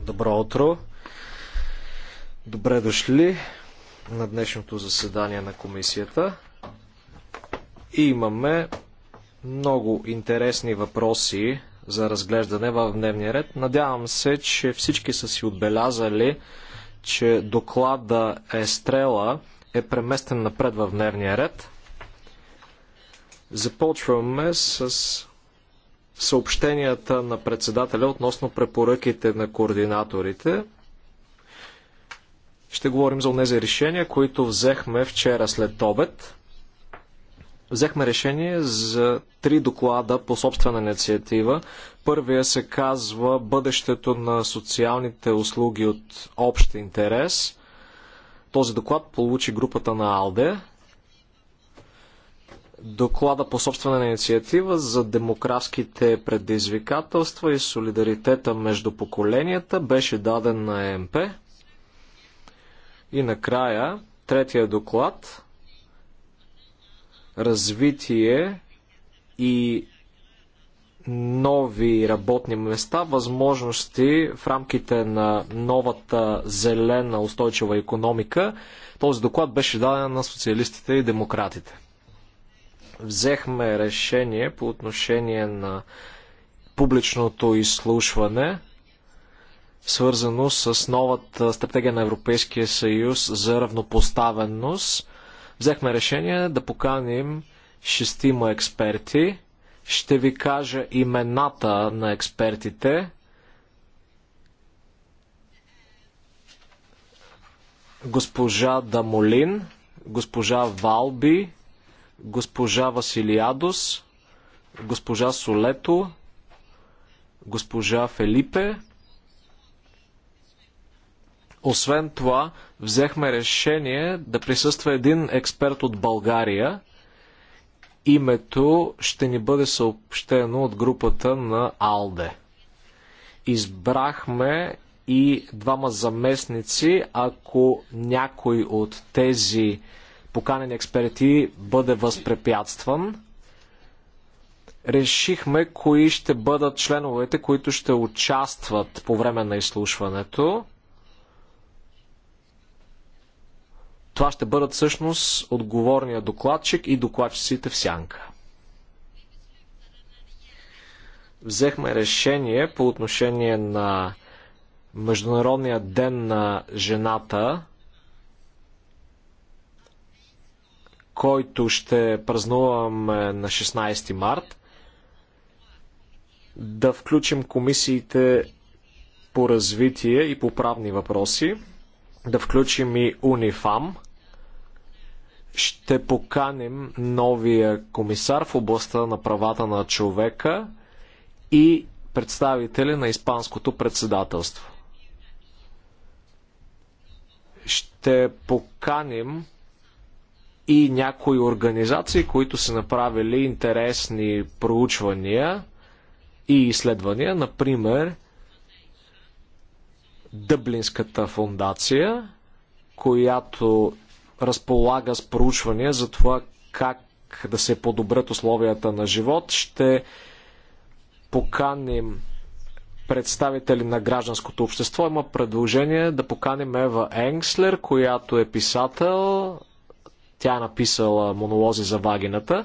Добро утро! Добре дошли на днешното заседание на комисията. И имаме много интересни въпроси за разглеждане в дневния ред. Надявам се, че всички са си отбелязали, че доклада Естрела е преместен напред в дневния ред. Започваме с съобщенията на председателя относно препоръките на координаторите. Ще говорим за тези решения, които взехме вчера след обед. Взехме решение за три доклада по собствена инициатива. Първия се казва Бъдещето на социалните услуги от общ интерес. Този доклад получи групата на АЛДЕ доклада по собствена инициатива за демографските предизвикателства и солидаритета между поколенията беше даден на МП. И накрая, третия доклад развитие и нови работни места, възможности в рамките на новата зелена устойчива економика. Този доклад беше даден на социалистите и демократите взехме решение по отношение на публичното изслушване, свързано с новата стратегия на Европейския съюз за равнопоставеност. Взехме решение да поканим шестима експерти. Ще ви кажа имената на експертите. Госпожа Дамолин, госпожа Валби, госпожа Василиадос, госпожа Солето, госпожа Фелипе. Освен това, взехме решение да присъства един експерт от България. Името ще ни бъде съобщено от групата на АЛДЕ. Избрахме и двама заместници, ако някой от тези поканени експерти бъде възпрепятстван. Решихме кои ще бъдат членовете, които ще участват по време на изслушването. Това ще бъдат всъщност отговорния докладчик и докладчиците в сянка. Взехме решение по отношение на Международния ден на жената който ще празнуваме на 16 март, да включим комисиите по развитие и по правни въпроси, да включим и УНИФАМ. Ще поканим новия комисар в областта на правата на човека и представители на Испанското председателство. Ще поканим и някои организации, които са направили интересни проучвания и изследвания, например Дъблинската фундация, която разполага с проучвания за това как да се подобрят условията на живот. Ще поканим представители на гражданското общество. Има предложение да поканим Ева Енгслер, която е писател, тя е написала монолози за вагината.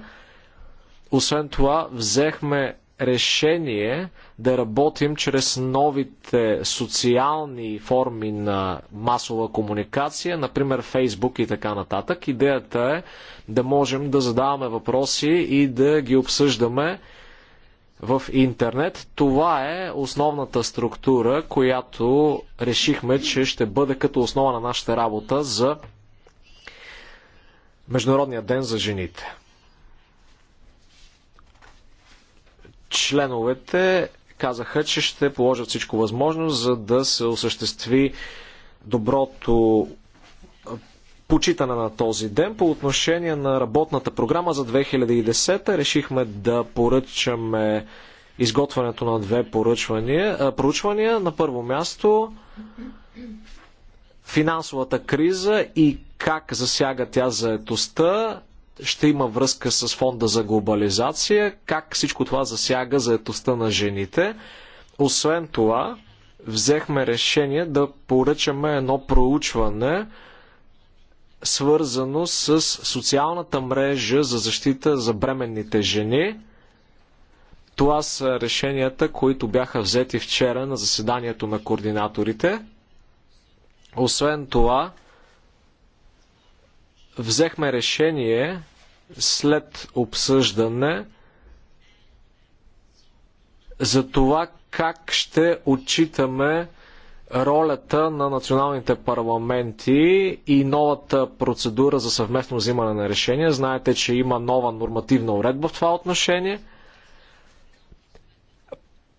Освен това, взехме решение да работим чрез новите социални форми на масова комуникация, например Фейсбук и така нататък. Идеята е да можем да задаваме въпроси и да ги обсъждаме в интернет. Това е основната структура, която решихме, че ще бъде като основа на нашата работа за Международния ден за жените. Членовете казаха, че ще положат всичко възможно, за да се осъществи доброто почитане на този ден. По отношение на работната програма за 2010 решихме да поръчаме изготвянето на две поръчвания, Поручвания На първо място финансовата криза и как засяга тя заетостта, ще има връзка с фонда за глобализация, как всичко това засяга заетостта на жените. Освен това, взехме решение да поръчаме едно проучване, свързано с социалната мрежа за защита за бременните жени. Това са решенията, които бяха взети вчера на заседанието на координаторите. Освен това, взехме решение след обсъждане за това как ще отчитаме ролята на националните парламенти и новата процедура за съвместно взимане на решения. Знаете, че има нова нормативна уредба в това отношение.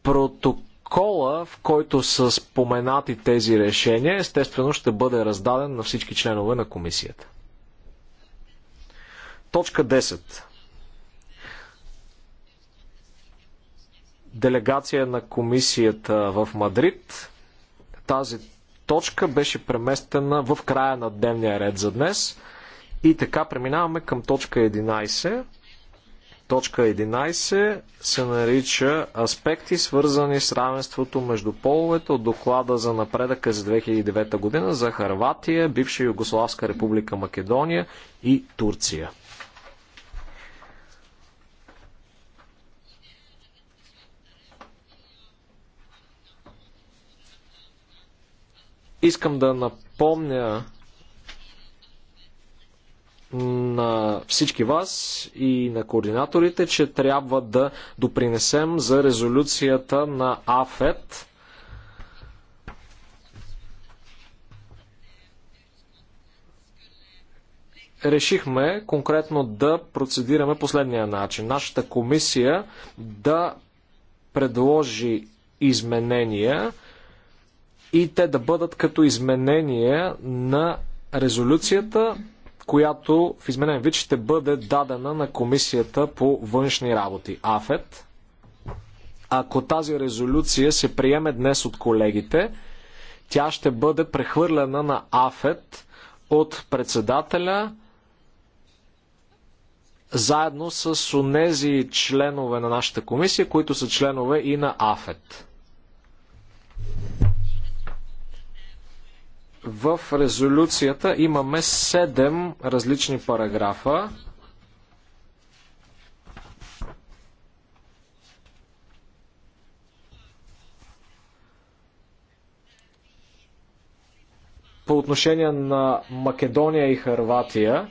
Протокол протокола, в който са споменати тези решения, естествено ще бъде раздаден на всички членове на комисията. Точка 10. Делегация на комисията в Мадрид. Тази точка беше преместена в края на дневния ред за днес. И така преминаваме към точка 11. Точка 11 се нарича Аспекти, свързани с равенството между половете от доклада за напредъка за 2009 година за Харватия, бивша Югославска република Македония и Турция. Искам да напомня на всички вас и на координаторите, че трябва да допринесем за резолюцията на АФЕТ. Решихме конкретно да процедираме последния начин. Нашата комисия да предложи изменения и те да бъдат като изменения на резолюцията която в изменен вид ще бъде дадена на Комисията по външни работи, АФЕТ. Ако тази резолюция се приеме днес от колегите, тя ще бъде прехвърлена на АФЕТ от председателя заедно с онези членове на нашата комисия, които са членове и на АФЕТ. В резолюцията имаме 7 различни параграфа. По отношение на Македония и Харватия,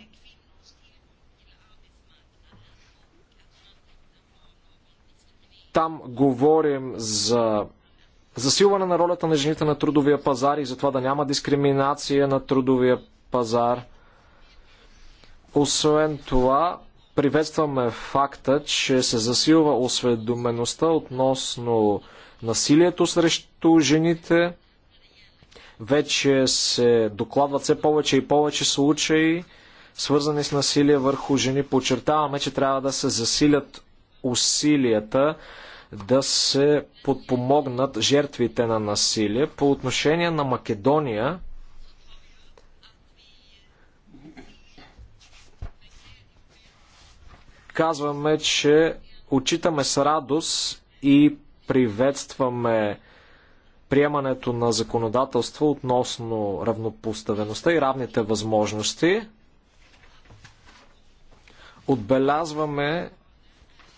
там говорим за засилване на ролята на жените на трудовия пазар и за това да няма дискриминация на трудовия пазар. Освен това, приветстваме факта, че се засилва осведомеността относно насилието срещу жените. Вече се докладват все повече и повече случаи, свързани с насилие върху жени. Подчертаваме, че трябва да се засилят усилията да се подпомогнат жертвите на насилие. По отношение на Македония, казваме, че отчитаме с радост и приветстваме приемането на законодателство относно равнопоставеността и равните възможности. Отбелязваме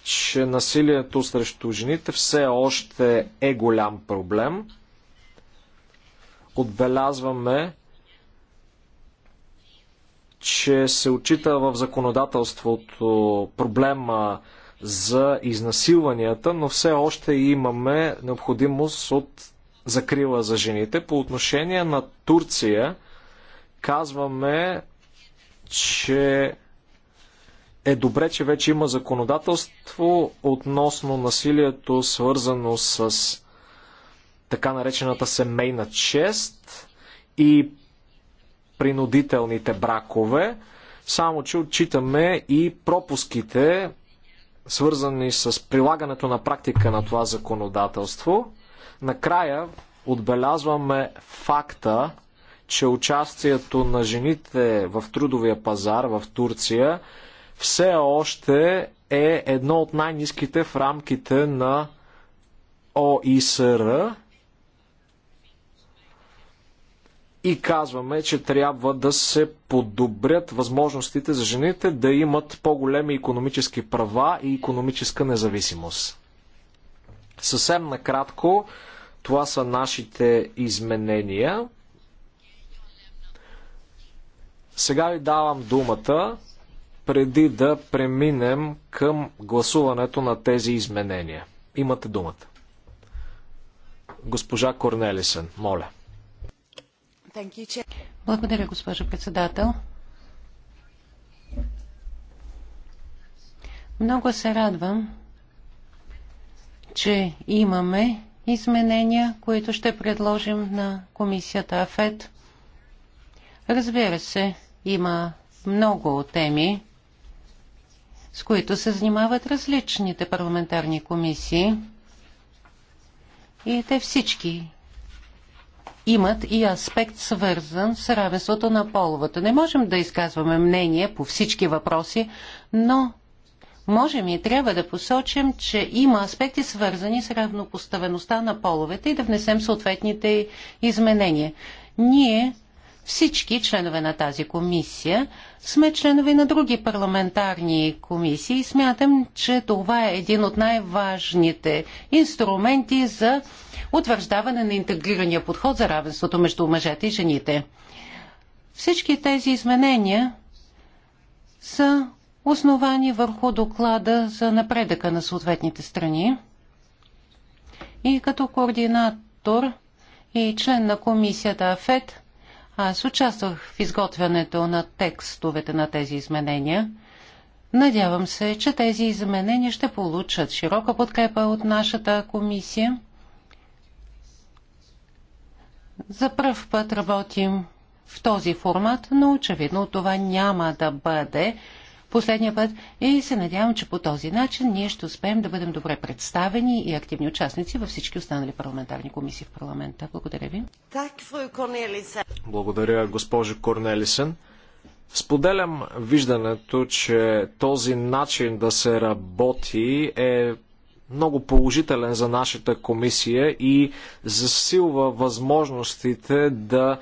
че насилието срещу жените все още е голям проблем. Отбелязваме, че се отчита в законодателството проблема за изнасилванията, но все още имаме необходимост от закрила за жените. По отношение на Турция, казваме, че е добре, че вече има законодателство относно насилието, свързано с така наречената семейна чест и принудителните бракове, само че отчитаме и пропуските, свързани с прилагането на практика на това законодателство. Накрая отбелязваме факта, че участието на жените в трудовия пазар в Турция все още е едно от най-низките в рамките на ОИСР и казваме, че трябва да се подобрят възможностите за жените да имат по-големи економически права и економическа независимост. Съвсем накратко, това са нашите изменения. Сега ви давам думата преди да преминем към гласуването на тези изменения. Имате думата. Госпожа Корнелисен, моля. Благодаря, госпожо председател. Много се радвам, че имаме изменения, които ще предложим на комисията АФЕД. Разбира се, има много теми, с които се занимават различните парламентарни комисии. И те всички имат и аспект свързан с равенството на половата. Не можем да изказваме мнение по всички въпроси, но можем и трябва да посочим, че има аспекти свързани с равнопоставеността на половете и да внесем съответните изменения. Ние всички членове на тази комисия сме членове на други парламентарни комисии и смятам, че това е един от най-важните инструменти за утвърждаване на интегрирания подход за равенството между мъжете и жените. Всички тези изменения са основани върху доклада за напредъка на съответните страни. И като координатор и член на комисията АФЕД, аз участвах в изготвянето на текстовете на тези изменения. Надявам се, че тези изменения ще получат широка подкрепа от нашата комисия. За пръв път работим в този формат, но очевидно това няма да бъде последния път и се надявам, че по този начин ние ще успеем да бъдем добре представени и активни участници във всички останали парламентарни комисии в парламента. Благодаря ви. Благодаря, госпожо Корнелисен. Споделям виждането, че този начин да се работи е много положителен за нашата комисия и засилва възможностите да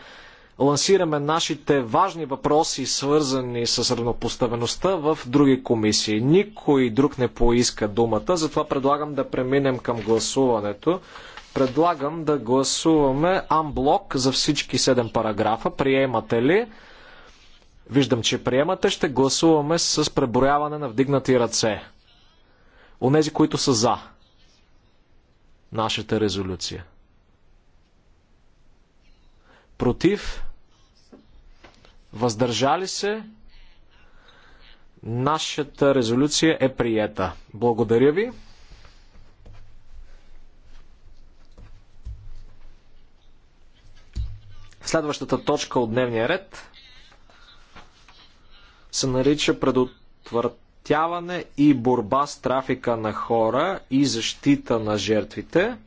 лансираме нашите важни въпроси, свързани с равнопоставеността в други комисии. Никой друг не поиска думата, затова предлагам да преминем към гласуването. Предлагам да гласуваме амблок за всички 7 параграфа. Приемате ли? Виждам, че приемате. Ще гласуваме с преброяване на вдигнати ръце. Онези, които са за нашата резолюция против, въздържали се. Нашата резолюция е приета. Благодаря ви. Следващата точка от дневния ред се нарича предотвратяване и борба с трафика на хора и защита на жертвите.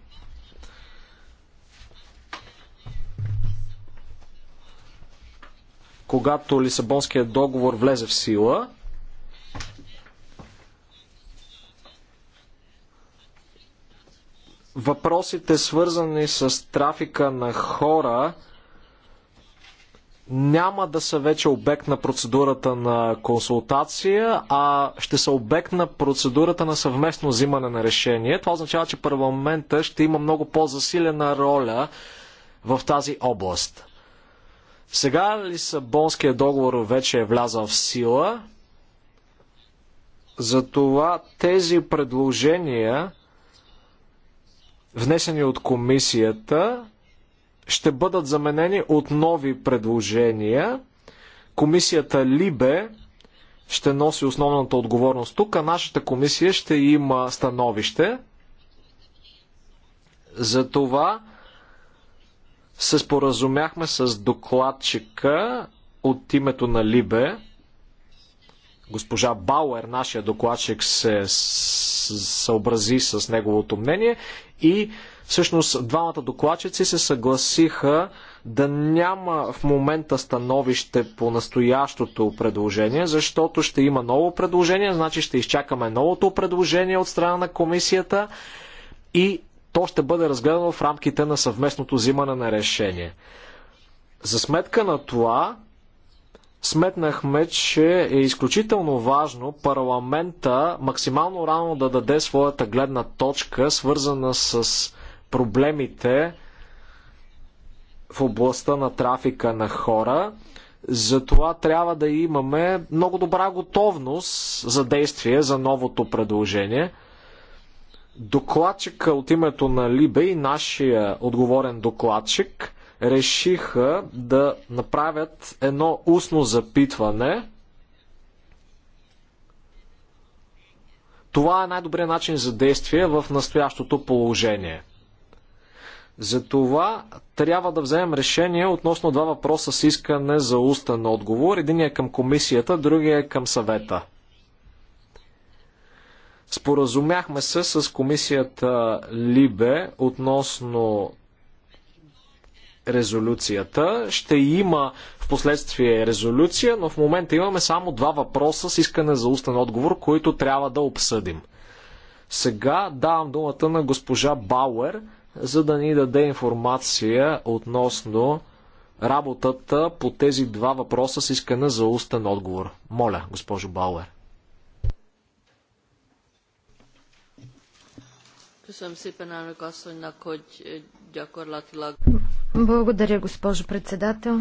когато Лисабонският договор влезе в сила, въпросите свързани с трафика на хора няма да са вече обект на процедурата на консултация, а ще са обект на процедурата на съвместно взимане на решение. Това означава, че парламента ще има много по-засилена роля в тази област. Сега Лисабонския договор вече е влязал в сила. Затова тези предложения, внесени от комисията, ще бъдат заменени от нови предложения. Комисията Либе ще носи основната отговорност тук, а нашата комисия ще има становище. Затова това се споразумяхме с докладчика от името на Либе. Госпожа Бауер, нашия докладчик, се съобрази с неговото мнение и всъщност двамата докладчици се съгласиха да няма в момента становище по настоящото предложение, защото ще има ново предложение, значи ще изчакаме новото предложение от страна на комисията и то ще бъде разгледано в рамките на съвместното взимане на решение. За сметка на това, сметнахме, че е изключително важно парламента максимално рано да даде своята гледна точка, свързана с проблемите в областта на трафика на хора. Затова трябва да имаме много добра готовност за действие за новото предложение – докладчика от името на Либе и нашия отговорен докладчик решиха да направят едно устно запитване. Това е най-добрият начин за действие в настоящото положение. Затова трябва да вземем решение относно два въпроса с искане за устен отговор. Единият е към комисията, другия е към съвета. Споразумяхме се с комисията Либе относно резолюцията. Ще има в последствие резолюция, но в момента имаме само два въпроса с искане за устен отговор, които трябва да обсъдим. Сега давам думата на госпожа Бауер, за да ни даде информация относно работата по тези два въпроса с искане за устен отговор. Моля, госпожо Бауер. Благодаря, госпожо председател.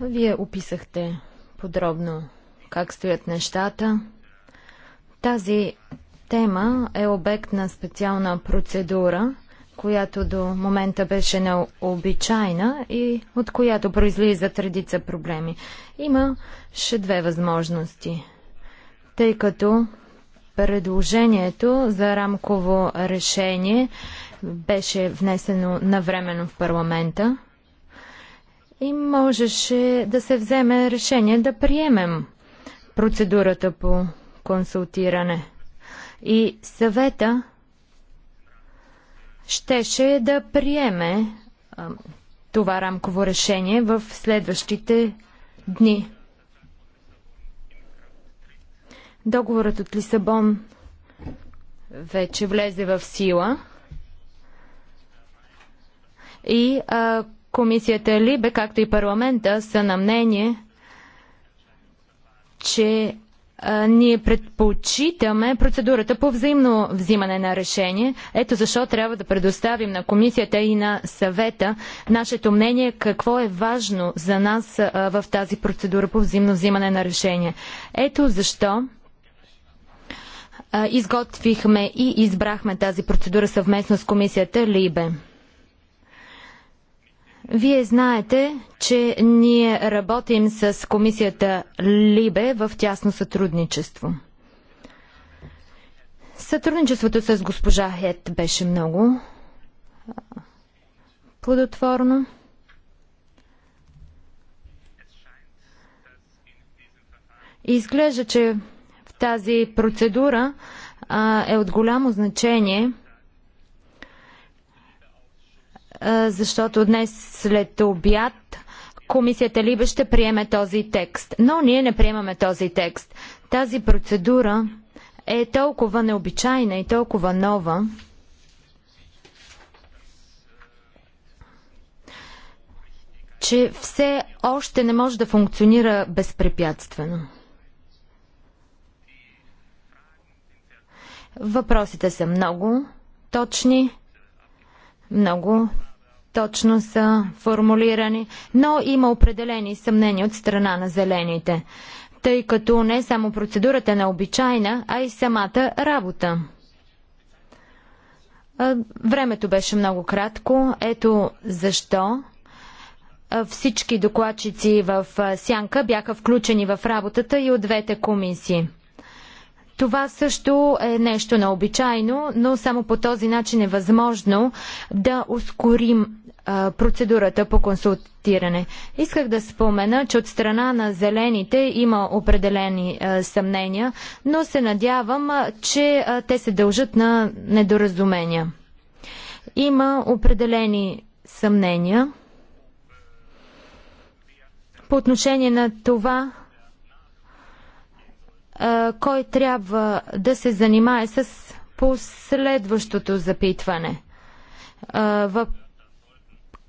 Вие описахте подробно как стоят нещата. Тази тема е обект на специална процедура, която до момента беше необичайна и от която произлизат редица проблеми. Имаше две възможности тъй като предложението за рамково решение беше внесено навременно в парламента и можеше да се вземе решение да приемем процедурата по консултиране. И съвета щеше да приеме това рамково решение в следващите дни. Договорът от Лисабон вече влезе в сила и а, комисията Либе, както и парламента, са на мнение, че а, ние предпочитаме процедурата по взаимно взимане на решение. Ето защо трябва да предоставим на комисията и на съвета нашето мнение какво е важно за нас а, в тази процедура по взаимно взимане на решение. Ето защо изготвихме и избрахме тази процедура съвместно с комисията Либе. Вие знаете, че ние работим с комисията Либе в тясно сътрудничество. Сътрудничеството с госпожа Хет беше много плодотворно. Изглежда, че тази процедура а, е от голямо значение, а, защото днес след обяд комисията Либе ще приеме този текст. Но ние не приемаме този текст. Тази процедура е толкова необичайна и толкова нова, че все още не може да функционира безпрепятствено. Въпросите са много точни, много точно са формулирани, но има определени съмнения от страна на зелените, тъй като не само процедурата е необичайна, а и самата работа. Времето беше много кратко. Ето защо всички докладчици в Сянка бяха включени в работата и от двете комисии. Това също е нещо необичайно, но само по този начин е възможно да ускорим а, процедурата по консултиране. Исках да спомена, че от страна на зелените има определени а, съмнения, но се надявам, а, че те се дължат на недоразумения. Има определени съмнения по отношение на това, кой трябва да се занимае с последващото запитване. Въп...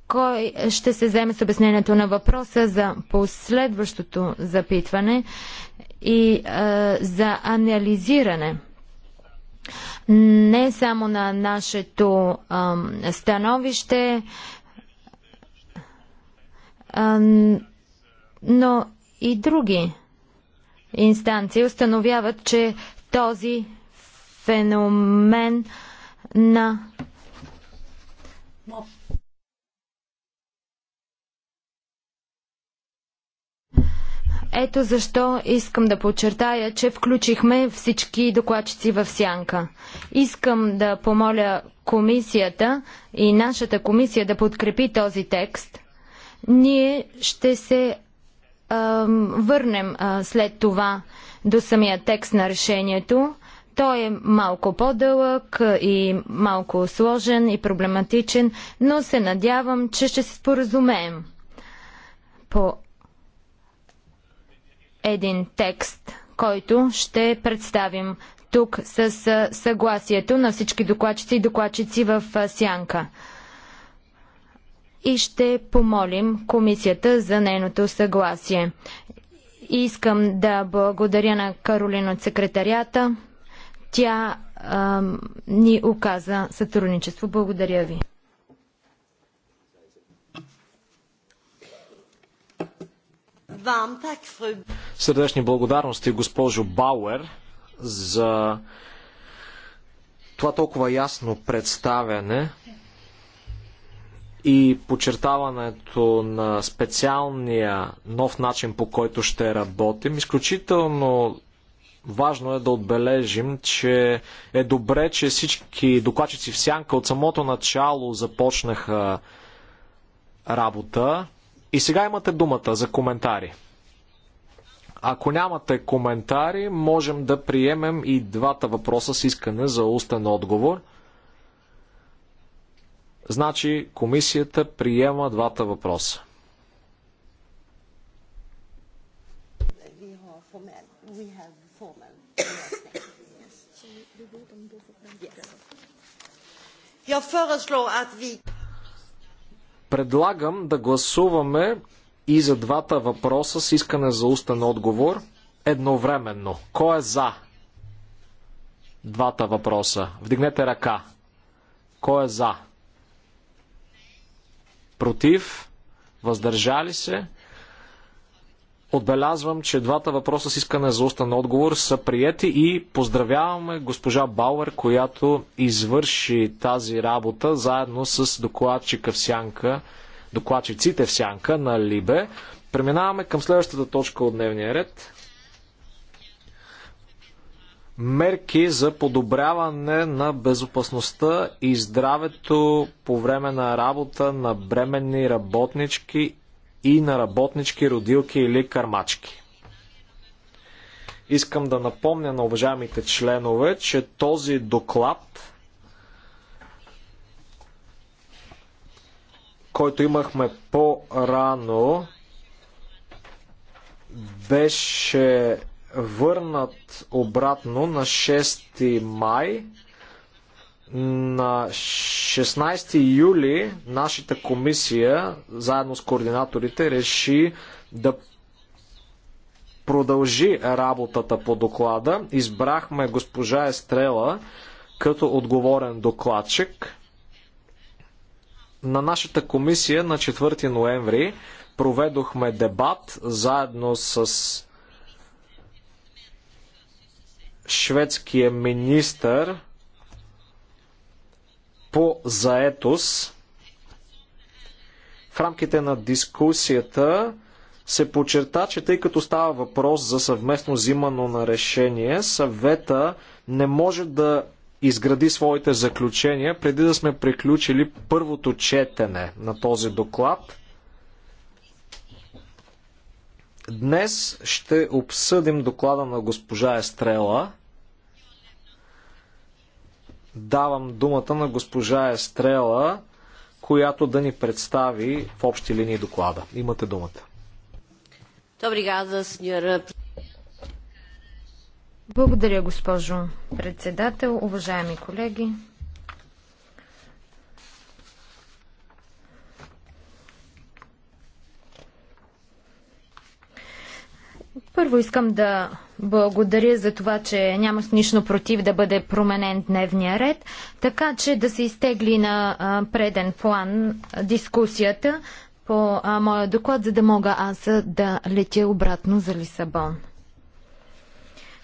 Кой ще се вземе с обяснението на въпроса за последващото запитване и а, за анализиране не само на нашето а, становище, а, но и други инстанции установяват, че този феномен на Ето защо искам да подчертая, че включихме всички докладчици в сянка. Искам да помоля комисията и нашата комисия да подкрепи този текст. Ние ще се върнем след това до самия текст на решението. Той е малко по-дълъг и малко сложен и проблематичен, но се надявам, че ще се споразумеем по един текст, който ще представим тук с съгласието на всички докладчици и докладчици в сянка и ще помолим комисията за нейното съгласие. Искам да благодаря на Каролина от секретарията. Тя а, ни оказа сътрудничество. Благодаря ви. Сърдечни благодарности, госпожо Бауер, за това толкова ясно представяне и подчертаването на специалния нов начин по който ще работим. Изключително важно е да отбележим, че е добре, че всички докладчици в сянка от самото начало започнаха работа. И сега имате думата за коментари. Ако нямате коментари, можем да приемем и двата въпроса с искане за устен отговор – Значи комисията приема двата въпроса. Предлагам да гласуваме и за двата въпроса с искане за устен отговор едновременно. Кой е за двата въпроса? Вдигнете ръка. Кой е за? против, въздържали се. Отбелязвам, че двата въпроса с искане за устан отговор са приети и поздравяваме госпожа Бауер, която извърши тази работа заедно с докладчика в сянка, докладчиците в сянка на Либе. Преминаваме към следващата точка от дневния ред мерки за подобряване на безопасността и здравето по време на работа на бременни работнички и на работнички, родилки или кармачки. Искам да напомня на уважаемите членове, че този доклад, който имахме по-рано, беше върнат обратно на 6 май. На 16 юли нашата комисия, заедно с координаторите, реши да продължи работата по доклада. Избрахме госпожа Естрела като отговорен докладчик. На нашата комисия на 4 ноември проведохме дебат заедно с шведския министър по заетост. В рамките на дискусията се подчерта, че тъй като става въпрос за съвместно взимано на решение, съвета не може да изгради своите заключения преди да сме приключили първото четене на този доклад. Днес ще обсъдим доклада на госпожа Естрела. Давам думата на госпожа Естрела, която да ни представи в общи линии доклада. Имате думата. Благодаря, госпожо председател. Уважаеми колеги, Първо искам да благодаря за това, че няма нищо против да бъде променен дневния ред, така че да се изтегли на преден план дискусията по моя доклад, за да мога аз да летя обратно за Лисабон.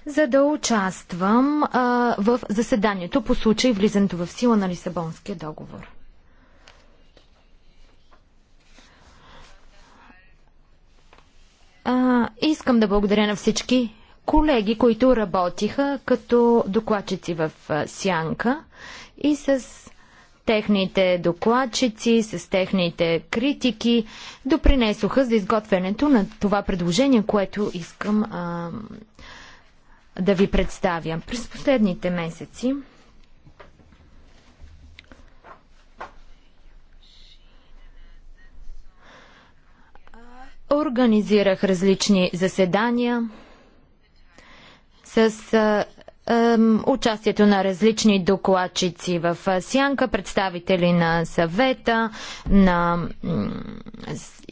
За да участвам в заседанието по случай влизането в сила на Лисабонския договор. А, искам да благодаря на всички колеги, които работиха като докладчици в Сянка и с техните докладчици, с техните критики допринесоха за изготвянето на това предложение, което искам а, да ви представя. През последните месеци Организирах различни заседания с участието на различни докладчици в Сянка, представители на съвета, на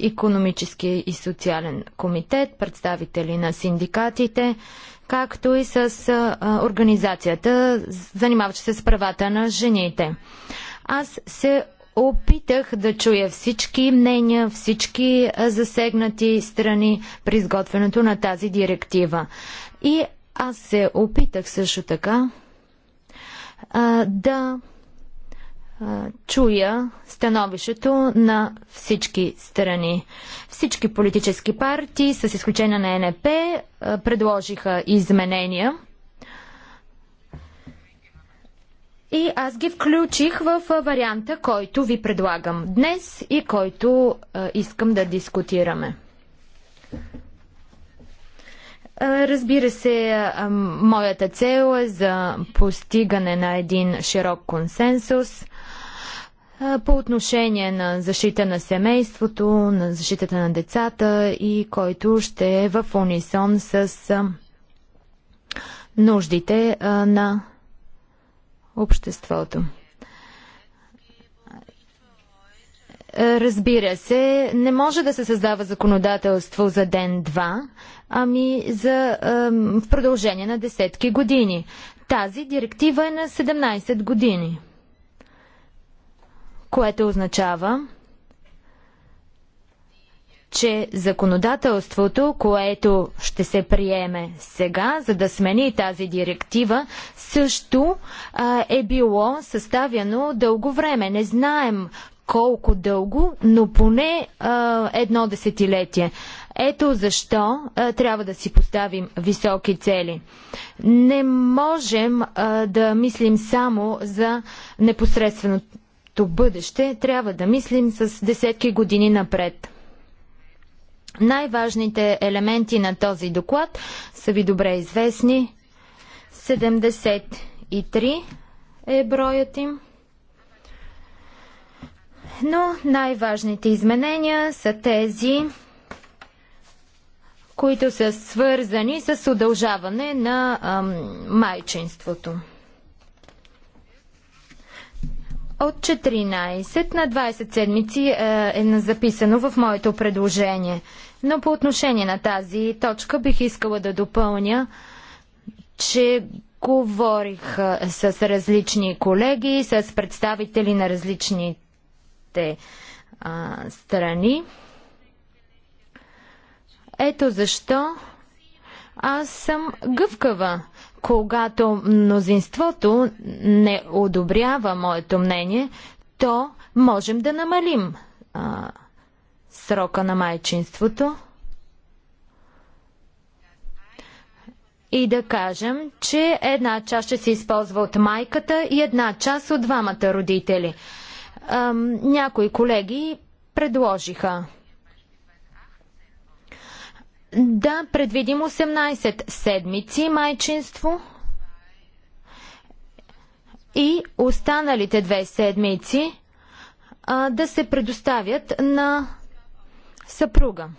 економически и социален комитет, представители на синдикатите, както и с организацията, занимаваща се с правата на жените. Аз се Опитах да чуя всички мнения, всички засегнати страни при изготвянето на тази директива. И аз се опитах също така а, да а, чуя становището на всички страни. Всички политически партии, с изключение на НП, а, предложиха изменения – И аз ги включих в варианта, който ви предлагам днес и който а, искам да дискутираме. Разбира се, моята цел е за постигане на един широк консенсус по отношение на защита на семейството, на защитата на децата и който ще е в унисон с нуждите на обществото. Разбира се, не може да се създава законодателство за ден-два, ами за, в продължение на десетки години. Тази директива е на 17 години, което означава, че законодателството, което ще се приеме сега, за да смени тази директива, също а, е било съставяно дълго време. Не знаем колко дълго, но поне а, едно десетилетие. Ето защо а, трябва да си поставим високи цели. Не можем а, да мислим само за непосредственото бъдеще, трябва да мислим с десетки години напред. Най-важните елементи на този доклад са ви добре известни. 73 е броят им. Но най-важните изменения са тези, които са свързани с удължаване на ам, майчинството. От 14 на 20 седмици е, е записано в моето предложение. Но по отношение на тази точка бих искала да допълня, че говорих с различни колеги, с представители на различните а, страни. Ето защо аз съм гъвкава. Когато мнозинството не одобрява моето мнение, то можем да намалим а, срока на майчинството и да кажем, че една част ще се използва от майката и една част от двамата родители. Ам, някои колеги предложиха да предвидим 18 седмици майчинство и останалите две седмици а, да се предоставят на Съпруга.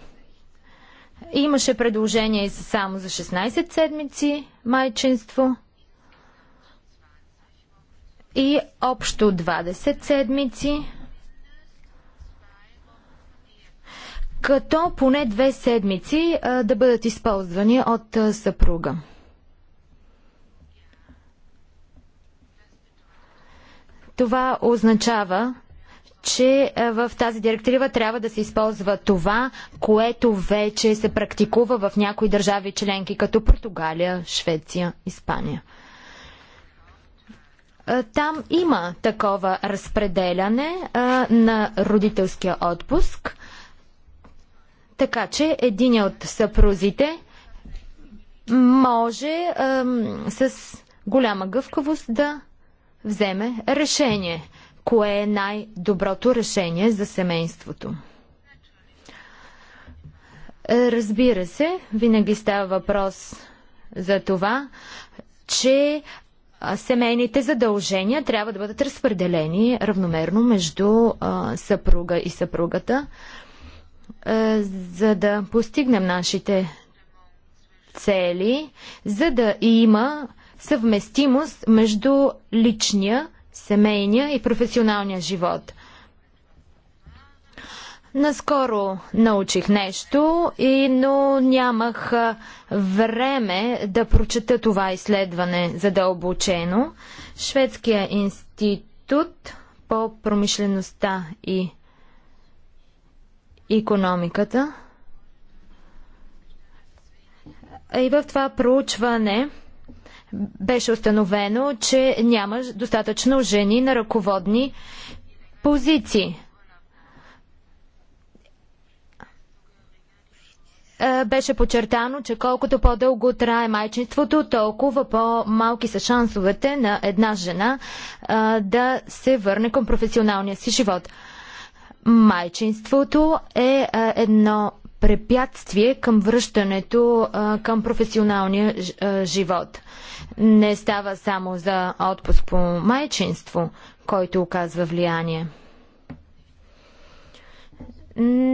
Имаше предложение само за 16 седмици майчинство и общо 20 седмици, като поне две седмици а, да бъдат използвани от а, съпруга. Това означава че е, в тази директива трябва да се използва това, което вече се практикува в някои държави членки, като Португалия, Швеция, Испания. Е, там има такова разпределяне е, на родителския отпуск, така че един от съпрузите може с голяма гъвкавост да вземе решение кое е най-доброто решение за семейството. Е, разбира се, винаги става въпрос за това, че семейните задължения трябва да бъдат разпределени равномерно между съпруга и съпругата, е, за да постигнем нашите цели, за да има съвместимост между личния семейния и професионалния живот. Наскоро научих нещо, и, но нямах време да прочета това изследване задълбочено. Шведския институт по промишлеността и економиката. И в това проучване беше установено, че няма достатъчно жени на ръководни позиции. Е, беше подчертано, че колкото по-дълго трае майчинството, толкова по-малки са шансовете на една жена е, да се върне към професионалния си живот. Майчинството е, е едно препятствие към връщането а, към професионалния а, живот. Не става само за отпуск по майчинство, който оказва влияние.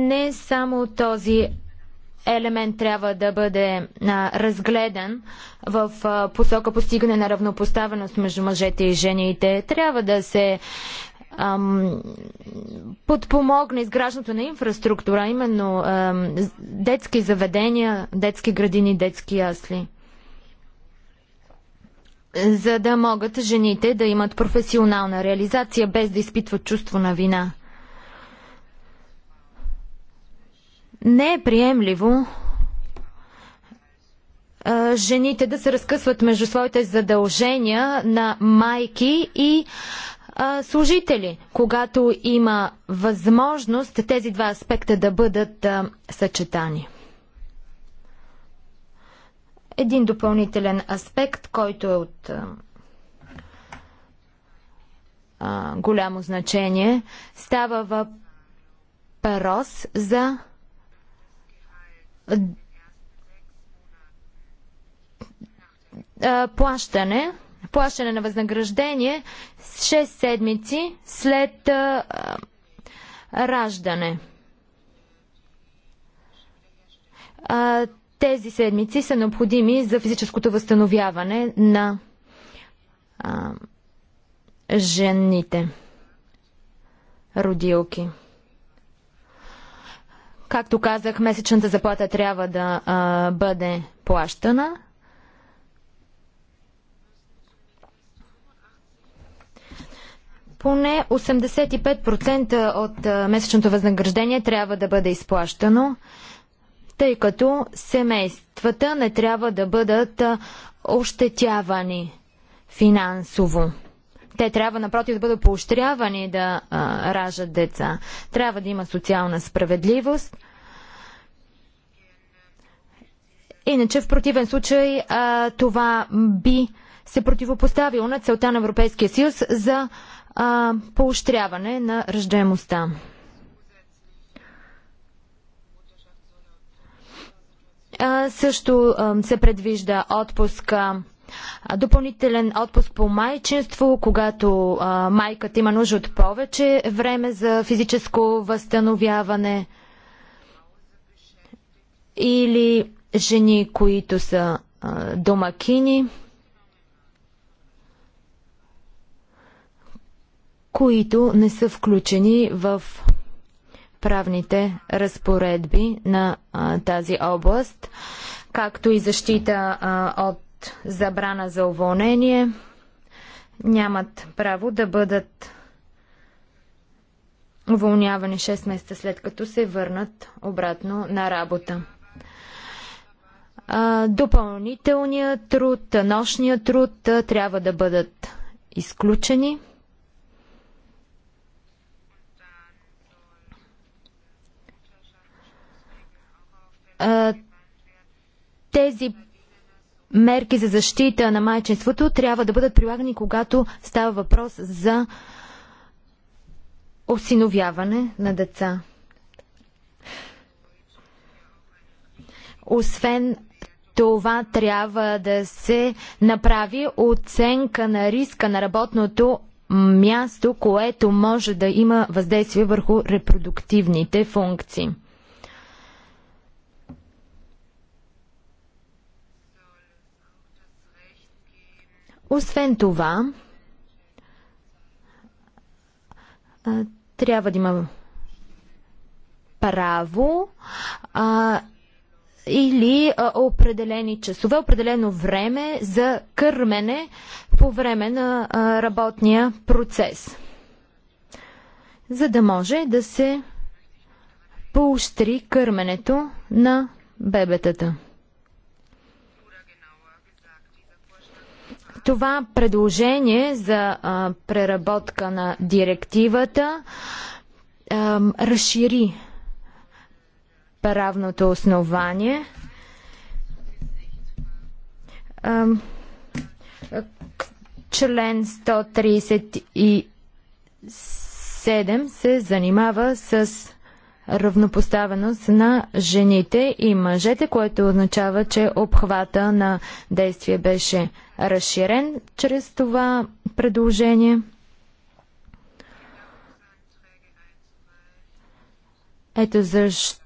Не само този елемент трябва да бъде а, разгледан в а, посока постигане на равнопоставеност между мъжете и жените. Трябва да се ам, подпомогне изграждането на инфраструктура, именно ам, детски заведения, детски градини, детски ясли. За да могат жените да имат професионална реализация без да изпитват чувство на вина. Не е приемливо жените да се разкъсват между своите задължения на майки и служители, когато има възможност тези два аспекта да бъдат съчетани. Един допълнителен аспект, който е от голямо значение, става въпрос за плащане изплащане на възнаграждение 6 седмици след а, а, раждане. А, тези седмици са необходими за физическото възстановяване на а, жените родилки. Както казах, месечната заплата трябва да а, бъде плащана Поне 85% от месечното възнаграждение трябва да бъде изплащано, тъй като семействата не трябва да бъдат ощетявани финансово. Те трябва, напротив, да бъдат поощрявани да а, ражат деца. Трябва да има социална справедливост. Иначе, в противен случай, а, това би се противопоставило на целта на Европейския съюз за а, а, поощряване на ръждаемостта. Също а, се предвижда отпуска допълнителен отпуск по майчинство, когато а, майката има нужда от повече време за физическо възстановяване или жени, които са а, домакини. които не са включени в правните разпоредби на а, тази област, както и защита а, от забрана за уволнение, нямат право да бъдат уволнявани 6 месеца след като се върнат обратно на работа. А, допълнителният труд, нощният труд трябва да бъдат изключени. тези мерки за защита на майчинството трябва да бъдат прилагани, когато става въпрос за осиновяване на деца. Освен това трябва да се направи оценка на риска на работното място, което може да има въздействие върху репродуктивните функции. Освен това, трябва да има право а, или а, определени часове, определено време за кърмене по време на а, работния процес, за да може да се поощри кърменето на бебетата. Това предложение за а, преработка на директивата а, разшири правното основание. А, член 137 се занимава с равнопоставеност на жените и мъжете, което означава, че обхвата на действие беше разширен чрез това предложение. Ето защо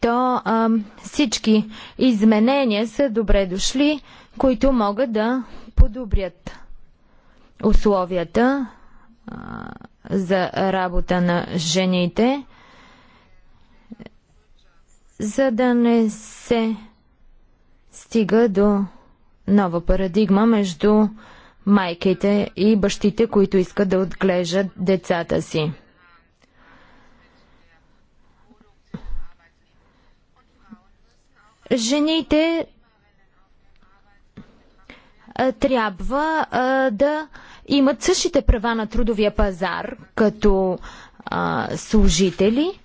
то а, всички изменения са добре дошли, които могат да подобрят условията а, за работа на жените, за да не се стига до нова парадигма между майките и бащите, които искат да отглеждат децата си. Жените трябва да имат същите права на трудовия пазар като а, служители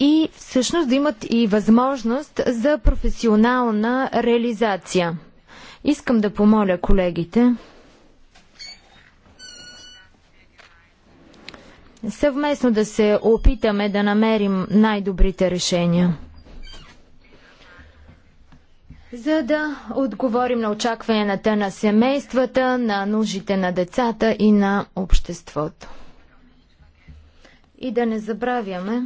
и всъщност да имат и възможност за професионална реализация. Искам да помоля колегите съвместно да се опитаме да намерим най-добрите решения за да отговорим на очакванията на семействата, на нуждите на децата и на обществото. И да не забравяме,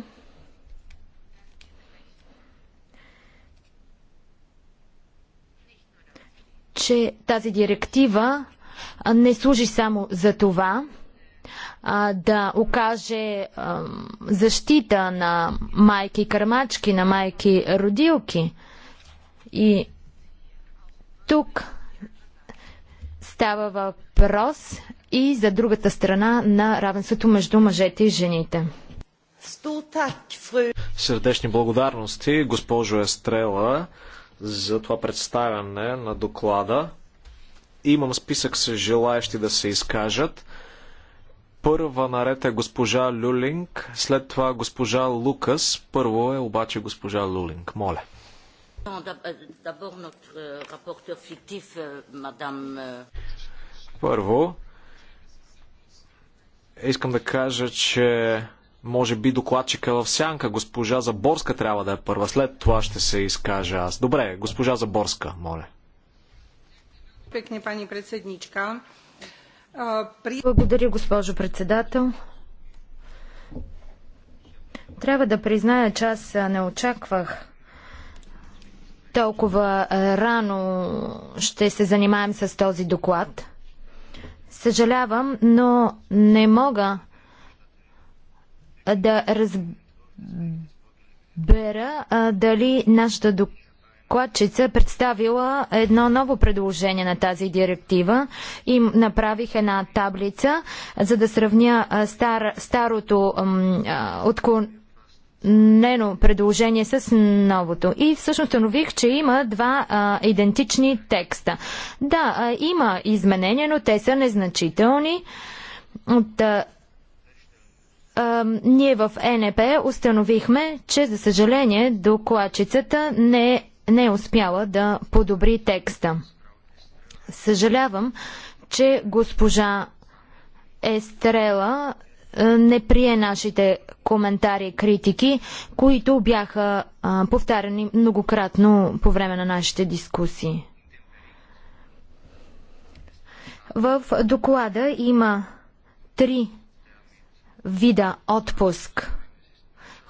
че тази директива не служи само за това да окаже защита на майки кърмачки, на майки родилки и тук става въпрос и за другата страна на равенството между мъжете и жените. Сърдечни благодарности, госпожо Естрела, за това представяне на доклада. Имам списък с желаящи да се изкажат. Първа наред е госпожа Люлинг, след това госпожа Лукас. Първо е обаче госпожа Люлинг. Моля. Euh, euh, euh, Първо, искам да кажа, че може би докладчика в сянка, госпожа Заборска трябва да е първа. След това ще се изкажа аз. Добре, госпожа Заборска, моля. Пекне, пани председничка. При... Благодаря, госпожо председател. Трябва да призная, че аз не очаквах толкова рано ще се занимаем с този доклад. Съжалявам, но не мога да разбера дали нашата докладчица представила едно ново предложение на тази директива и направих една таблица, за да сравня стар, старото отклонение нено предложение с новото. И всъщност установих, че има два а, идентични текста. Да, а, има изменения, но те са незначителни. От, а, а, ние в НП установихме, че за съжаление докладчицата не, не е успяла да подобри текста. Съжалявам, че госпожа Естрела е, не прие нашите коментари и критики, които бяха а, повтаряни многократно по време на нашите дискусии. В доклада има три вида отпуск,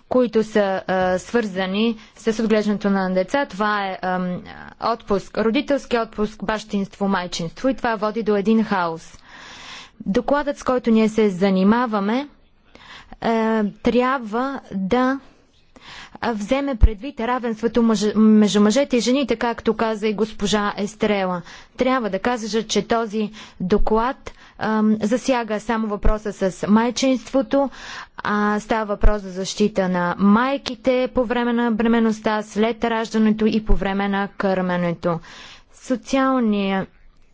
които са а, свързани с отглеждането на деца. Това е а, отпуск, родителски отпуск, бащинство, майчинство и това води до един хаос – Докладът, с който ние се занимаваме, е, трябва да вземе предвид равенството между мъжете и жените, както каза и госпожа Естрела. Трябва да кажа, че този доклад засяга само въпроса с майчинството, а става въпрос за защита на майките по време на бременността, след раждането и по време на кърменето. Социалния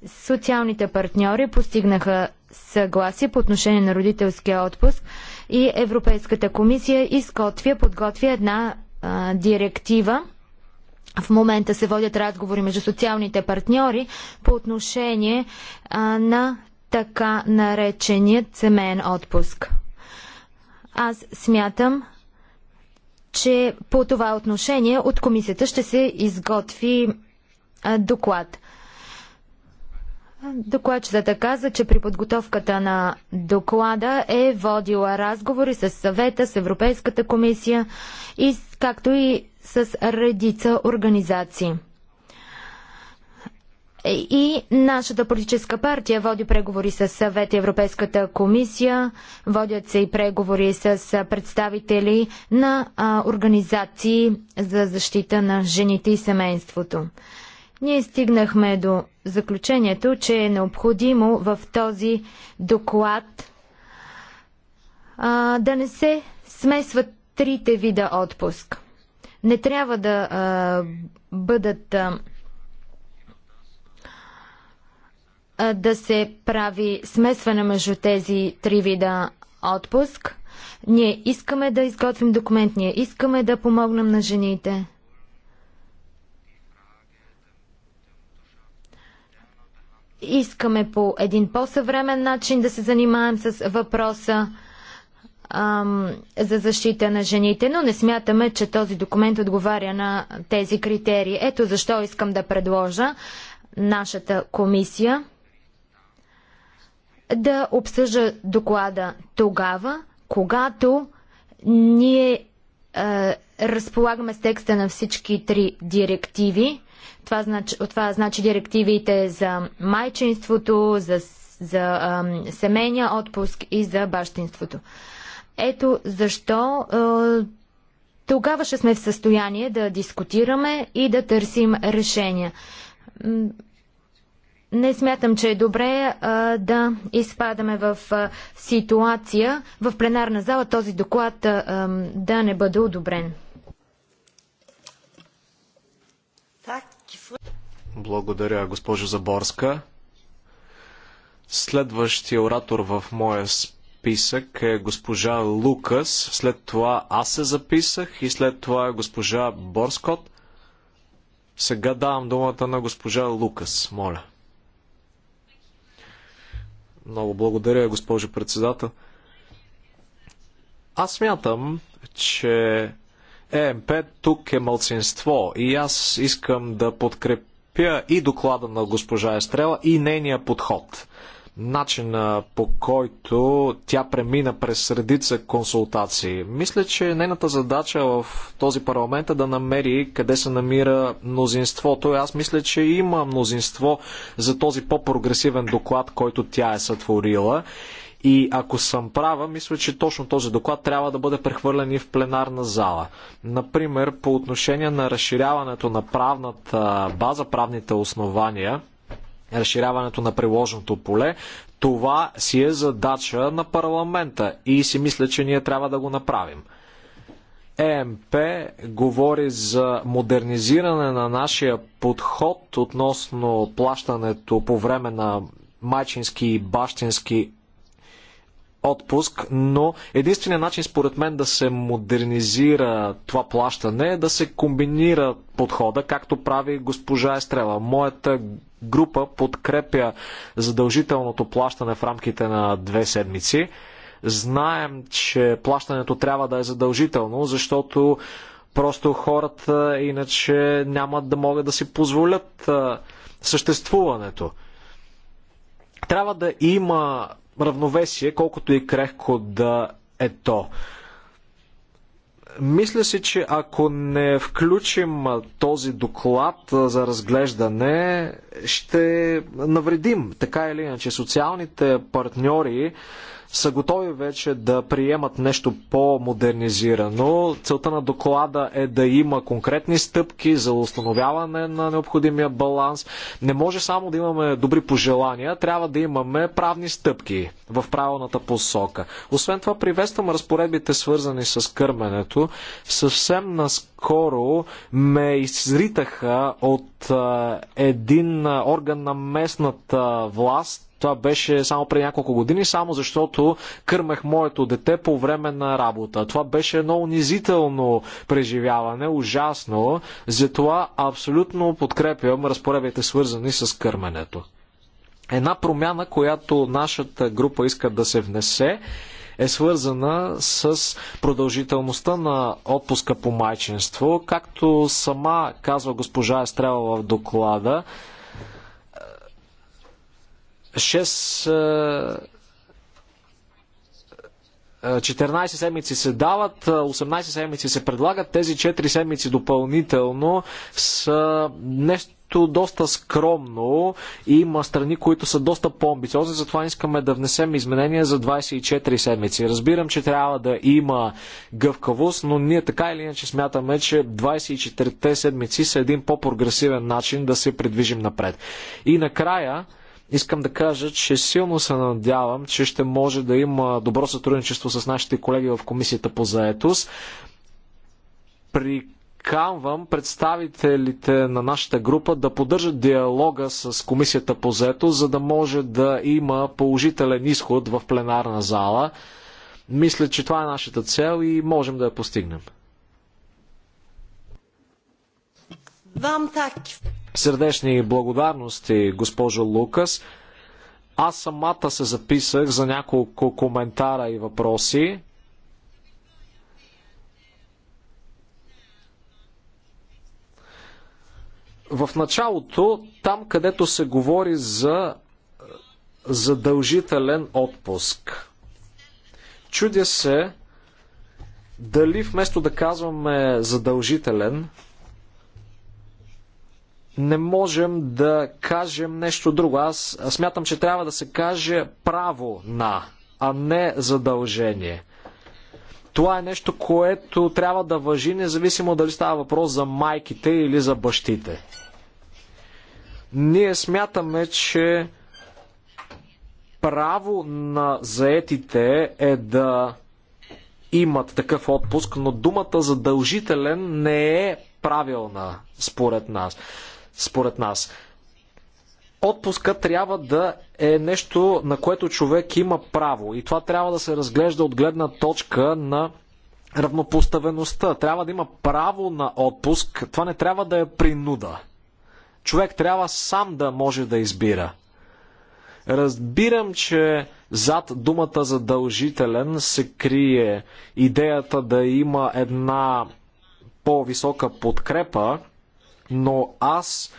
социалните партньори постигнаха съгласие по отношение на родителския отпуск и Европейската комисия изготвя, подготвя една а, директива. В момента се водят разговори между социалните партньори по отношение а, на така нареченият семейен отпуск. Аз смятам, че по това отношение от комисията ще се изготви а, доклад. Докладчетата каза, че при подготовката на доклада е водила разговори с съвета, с Европейската комисия и както и с редица организации. И нашата политическа партия води преговори с съвет и Европейската комисия, водят се и преговори с представители на а, организации за защита на жените и семейството. Ние стигнахме до заключението, че е необходимо в този доклад а, да не се смесват трите вида отпуск. Не трябва да а, бъдат. А, да се прави смесване между тези три вида отпуск. Ние искаме да изготвим документ, ние искаме да помогнем на жените. Искаме по един по-съвремен начин да се занимаем с въпроса ам, за защита на жените, но не смятаме, че този документ отговаря на тези критерии. Ето защо искам да предложа нашата комисия да обсъжда доклада тогава, когато ние а, е, разполагаме с текста на всички три директиви това значи, това значи директивите за майчинството, за, за ам, семейния отпуск и за бащинството. Ето защо тогава ще сме в състояние да дискутираме и да търсим решения. Не смятам, че е добре а, да изпадаме в а, ситуация в пленарна зала този доклад а, а, да не бъде одобрен. Благодаря, госпожо Заборска. Следващия оратор в моя списък е госпожа Лукас. След това аз се записах и след това е госпожа Борскот. Сега давам думата на госпожа Лукас, моля. Много благодаря, госпожо председател. Аз смятам, че ЕМП тук е мълцинство и аз искам да подкрепя подкрепя и доклада на госпожа Естрела и нейния подход. Начина по който тя премина през редица консултации. Мисля, че нейната задача в този парламент е да намери къде се намира мнозинството. Аз мисля, че има мнозинство за този по-прогресивен доклад, който тя е сътворила. И ако съм права, мисля, че точно този доклад трябва да бъде прехвърлен и в пленарна зала. Например, по отношение на разширяването на правната база, правните основания, разширяването на приложеното поле, това си е задача на парламента и си мисля, че ние трябва да го направим. ЕМП говори за модернизиране на нашия подход относно плащането по време на майчински и бащински отпуск, но единственият начин според мен да се модернизира това плащане е да се комбинира подхода, както прави госпожа Естрела. Моята група подкрепя задължителното плащане в рамките на две седмици. Знаем, че плащането трябва да е задължително, защото просто хората иначе няма да могат да си позволят съществуването. Трябва да има равновесие, колкото и крехко да е то. Мисля си, че ако не включим този доклад за разглеждане, ще навредим така или иначе социалните партньори са готови вече да приемат нещо по-модернизирано. Целта на доклада е да има конкретни стъпки за установяване на необходимия баланс. Не може само да имаме добри пожелания, трябва да имаме правни стъпки в правилната посока. Освен това, приветствам разпоредбите свързани с кърменето. Съвсем наскоро ме изритаха от един орган на местната власт, това беше само преди няколко години, само защото кърмех моето дете по време на работа. Това беше едно унизително преживяване, ужасно. Затова абсолютно подкрепям разпоредбите свързани с кърменето. Една промяна, която нашата група иска да се внесе, е свързана с продължителността на отпуска по майчинство. Както сама казва госпожа Естрела в доклада, 6 14 седмици се дават, 18 седмици се предлагат, тези 4 седмици допълнително са нещо доста скромно. Има страни, които са доста по-амбициозни, затова искаме да внесем изменения за 24 седмици. Разбирам, че трябва да има гъвкавост, но ние така или иначе смятаме, че 24 седмици са един по-прогресивен начин да се придвижим напред. И накрая, Искам да кажа, че силно се надявам, че ще може да има добро сътрудничество с нашите колеги в Комисията по заетост. приканвам представителите на нашата група да поддържат диалога с комисията по зето, за да може да има положителен изход в пленарна зала. Мисля, че това е нашата цел и можем да я постигнем. Сърдечни благодарности, госпожо Лукас. Аз самата се записах за няколко коментара и въпроси. В началото, там където се говори за е, задължителен отпуск. Чудя се дали вместо да казваме задължителен, не можем да кажем нещо друго. Аз смятам, че трябва да се каже право на, а не задължение. Това е нещо, което трябва да въжи, независимо дали става въпрос за майките или за бащите. Ние смятаме, че право на заетите е да имат такъв отпуск, но думата задължителен не е правилна, според нас според нас. Отпуска трябва да е нещо, на което човек има право. И това трябва да се разглежда от гледна точка на равнопоставеността. Трябва да има право на отпуск. Това не трябва да е принуда. Човек трябва сам да може да избира. Разбирам, че зад думата задължителен се крие идеята да има една по-висока подкрепа но аз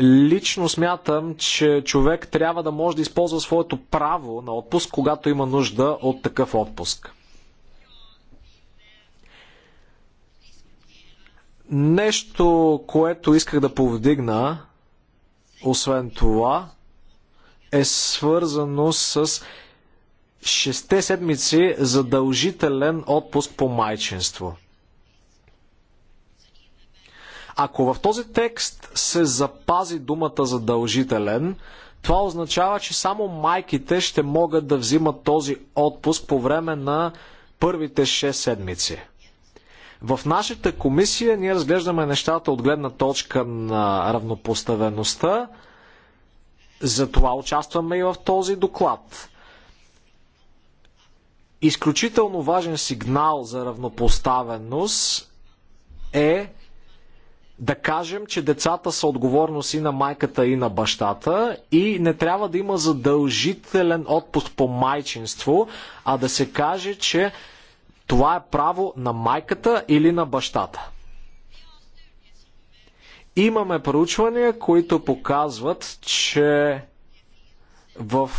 лично смятам, че човек трябва да може да използва своето право на отпуск, когато има нужда от такъв отпуск. Нещо, което исках да повдигна, освен това, е свързано с 6 седмици задължителен отпуск по майчинство. Ако в този текст се запази думата задължителен, това означава, че само майките ще могат да взимат този отпуск по време на първите 6 седмици. В нашата комисия ние разглеждаме нещата от гледна точка на равнопоставеността. Затова участваме и в този доклад. Изключително важен сигнал за равнопоставеност е да кажем, че децата са отговорност и на майката, и на бащата и не трябва да има задължителен отпуск по майчинство, а да се каже, че това е право на майката или на бащата. Имаме проучвания, които показват, че в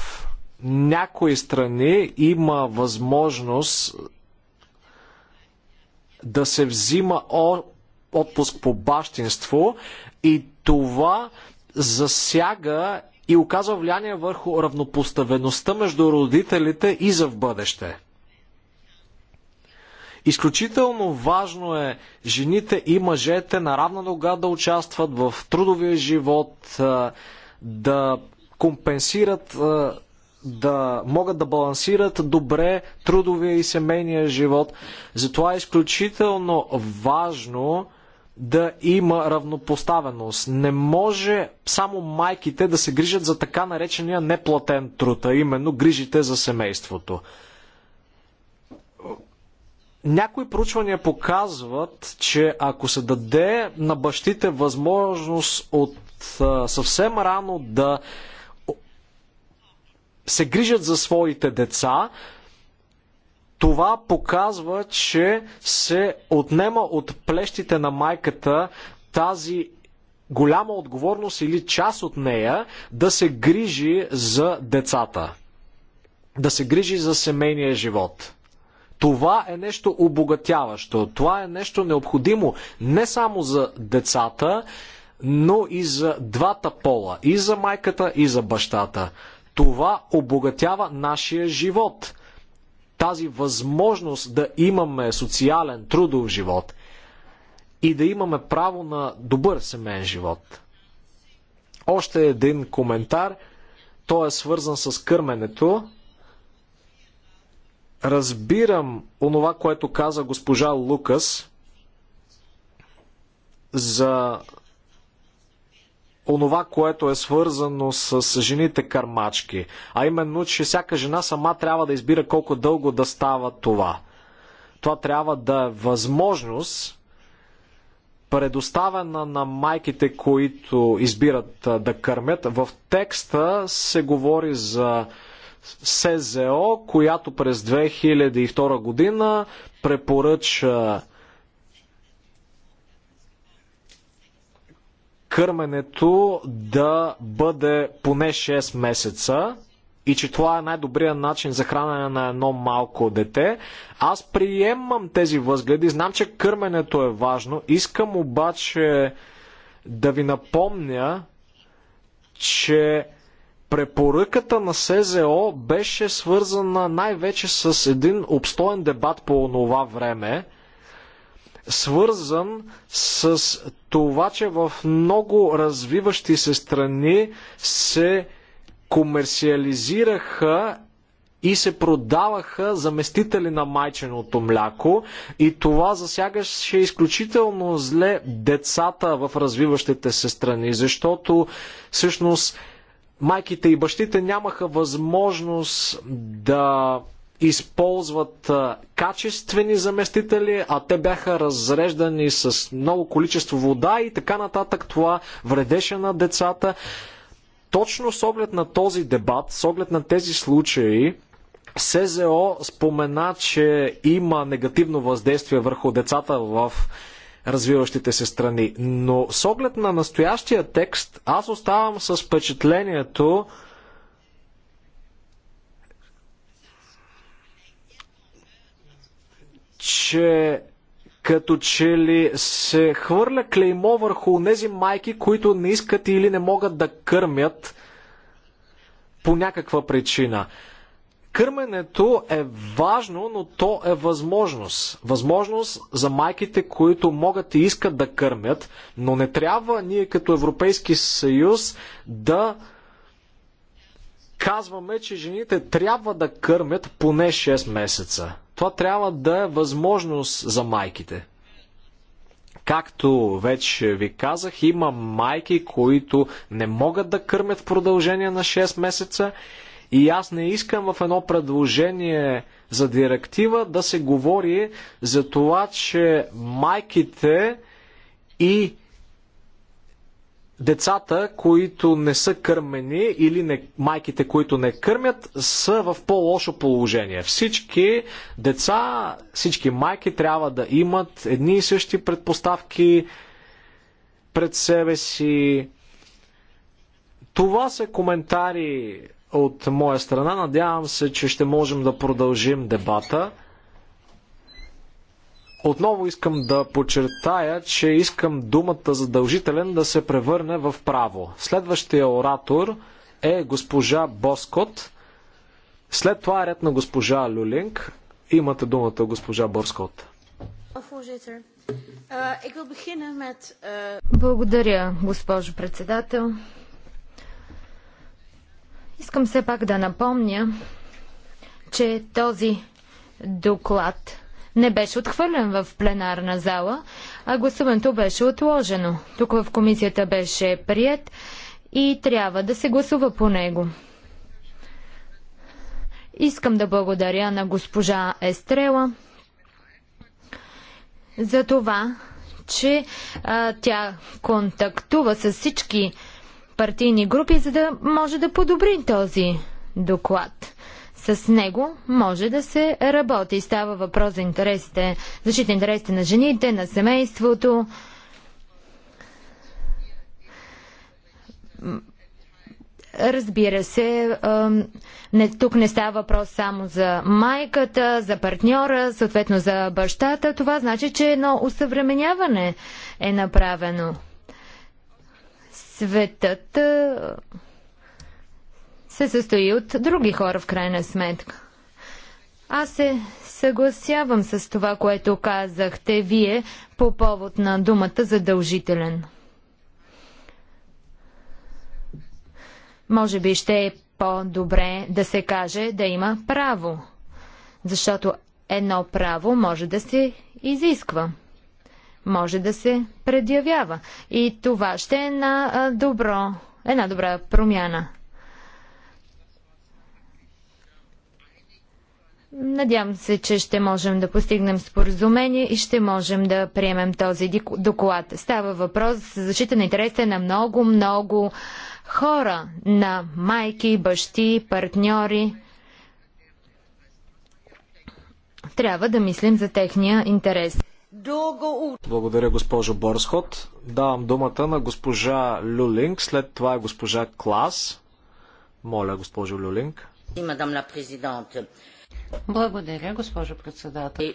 някои страни има възможност да се взима отпуск по бащинство и това засяга и оказва влияние върху равнопоставеността между родителите и за в бъдеще. Изключително важно е жените и мъжете на равна нога да участват в трудовия живот, да компенсират, да могат да балансират добре трудовия и семейния живот. Затова е изключително важно да има равнопоставеност. Не може само майките да се грижат за така наречения неплатен труд, а именно грижите за семейството. Някои проучвания показват, че ако се даде на бащите възможност от съвсем рано да се грижат за своите деца, това показва, че се отнема от плещите на майката тази голяма отговорност или част от нея да се грижи за децата, да се грижи за семейния живот. Това е нещо обогатяващо, това е нещо необходимо не само за децата, но и за двата пола, и за майката, и за бащата. Това обогатява нашия живот тази възможност да имаме социален, трудов живот и да имаме право на добър семейен живот. Още един коментар. Той е свързан с кърменето. Разбирам онова, което каза госпожа Лукас за онова, което е свързано с жените кармачки. А именно, че всяка жена сама трябва да избира колко дълго да става това. Това трябва да е възможност, предоставена на майките, които избират да кърмят. В текста се говори за СЗО, която през 2002 година препоръча кърменето да бъде поне 6 месеца и че това е най-добрият начин за хранене на едно малко дете. Аз приемам тези възгледи, знам, че кърменето е важно. Искам обаче да ви напомня, че препоръката на СЗО беше свързана най-вече с един обстоен дебат по онова време – свързан с това, че в много развиващи се страни се комерциализираха и се продаваха заместители на майченото мляко и това засягаше изключително зле децата в развиващите се страни, защото всъщност майките и бащите нямаха възможност да използват качествени заместители, а те бяха разреждани с много количество вода и така нататък. Това вредеше на децата. Точно с оглед на този дебат, с оглед на тези случаи, СЗО спомена, че има негативно въздействие върху децата в развиващите се страни. Но с оглед на настоящия текст, аз оставам с впечатлението, че като че ли се хвърля клеймо върху тези майки, които не искат или не могат да кърмят по някаква причина. Кърменето е важно, но то е възможност. Възможност за майките, които могат и искат да кърмят, но не трябва ние като Европейски съюз да казваме, че жените трябва да кърмят поне 6 месеца. Това трябва да е възможност за майките. Както вече ви казах, има майки, които не могат да кърмят в продължение на 6 месеца. И аз не искам в едно предложение за директива да се говори за това, че майките и децата, които не са кърмени или не, майките, които не кърмят, са в по-лошо положение. Всички деца, всички майки трябва да имат едни и същи предпоставки пред себе си. Това са коментари от моя страна. Надявам се, че ще можем да продължим дебата. Отново искам да подчертая, че искам думата задължителен да се превърне в право. Следващия оратор е госпожа Боскот. След това е ред на госпожа Люлинг. Имате думата, госпожа Боскот. Благодаря, госпожо председател. Искам все пак да напомня, че този доклад не беше отхвърлен в пленарна зала, а гласуването беше отложено. Тук в комисията беше прият и трябва да се гласува по него. Искам да благодаря на госпожа Естрела за това, че а, тя контактува с всички партийни групи, за да може да подобри този доклад с него може да се работи. Става въпрос за интересите, защита интересите на жените, на семейството. Разбира се, тук не става въпрос само за майката, за партньора, съответно за бащата. Това значи, че едно усъвременяване е направено. Светът се състои от други хора в крайна сметка. Аз се съгласявам с това, което казахте вие по повод на думата задължителен. Може би ще е по-добре да се каже да има право, защото едно право може да се изисква, може да се предявява и това ще е на добро, една добра промяна. Надявам се, че ще можем да постигнем споразумение и ще можем да приемем този доклад. Става въпрос за защита на интересите на много, много хора, на майки, бащи, партньори. Трябва да мислим за техния интерес. Благодаря, госпожо Борсхот. Давам думата на госпожа Люлинг, след това е госпожа Клас. Моля, госпожо Люлинг. Мадам ла президент, благодаря, госпожо председател.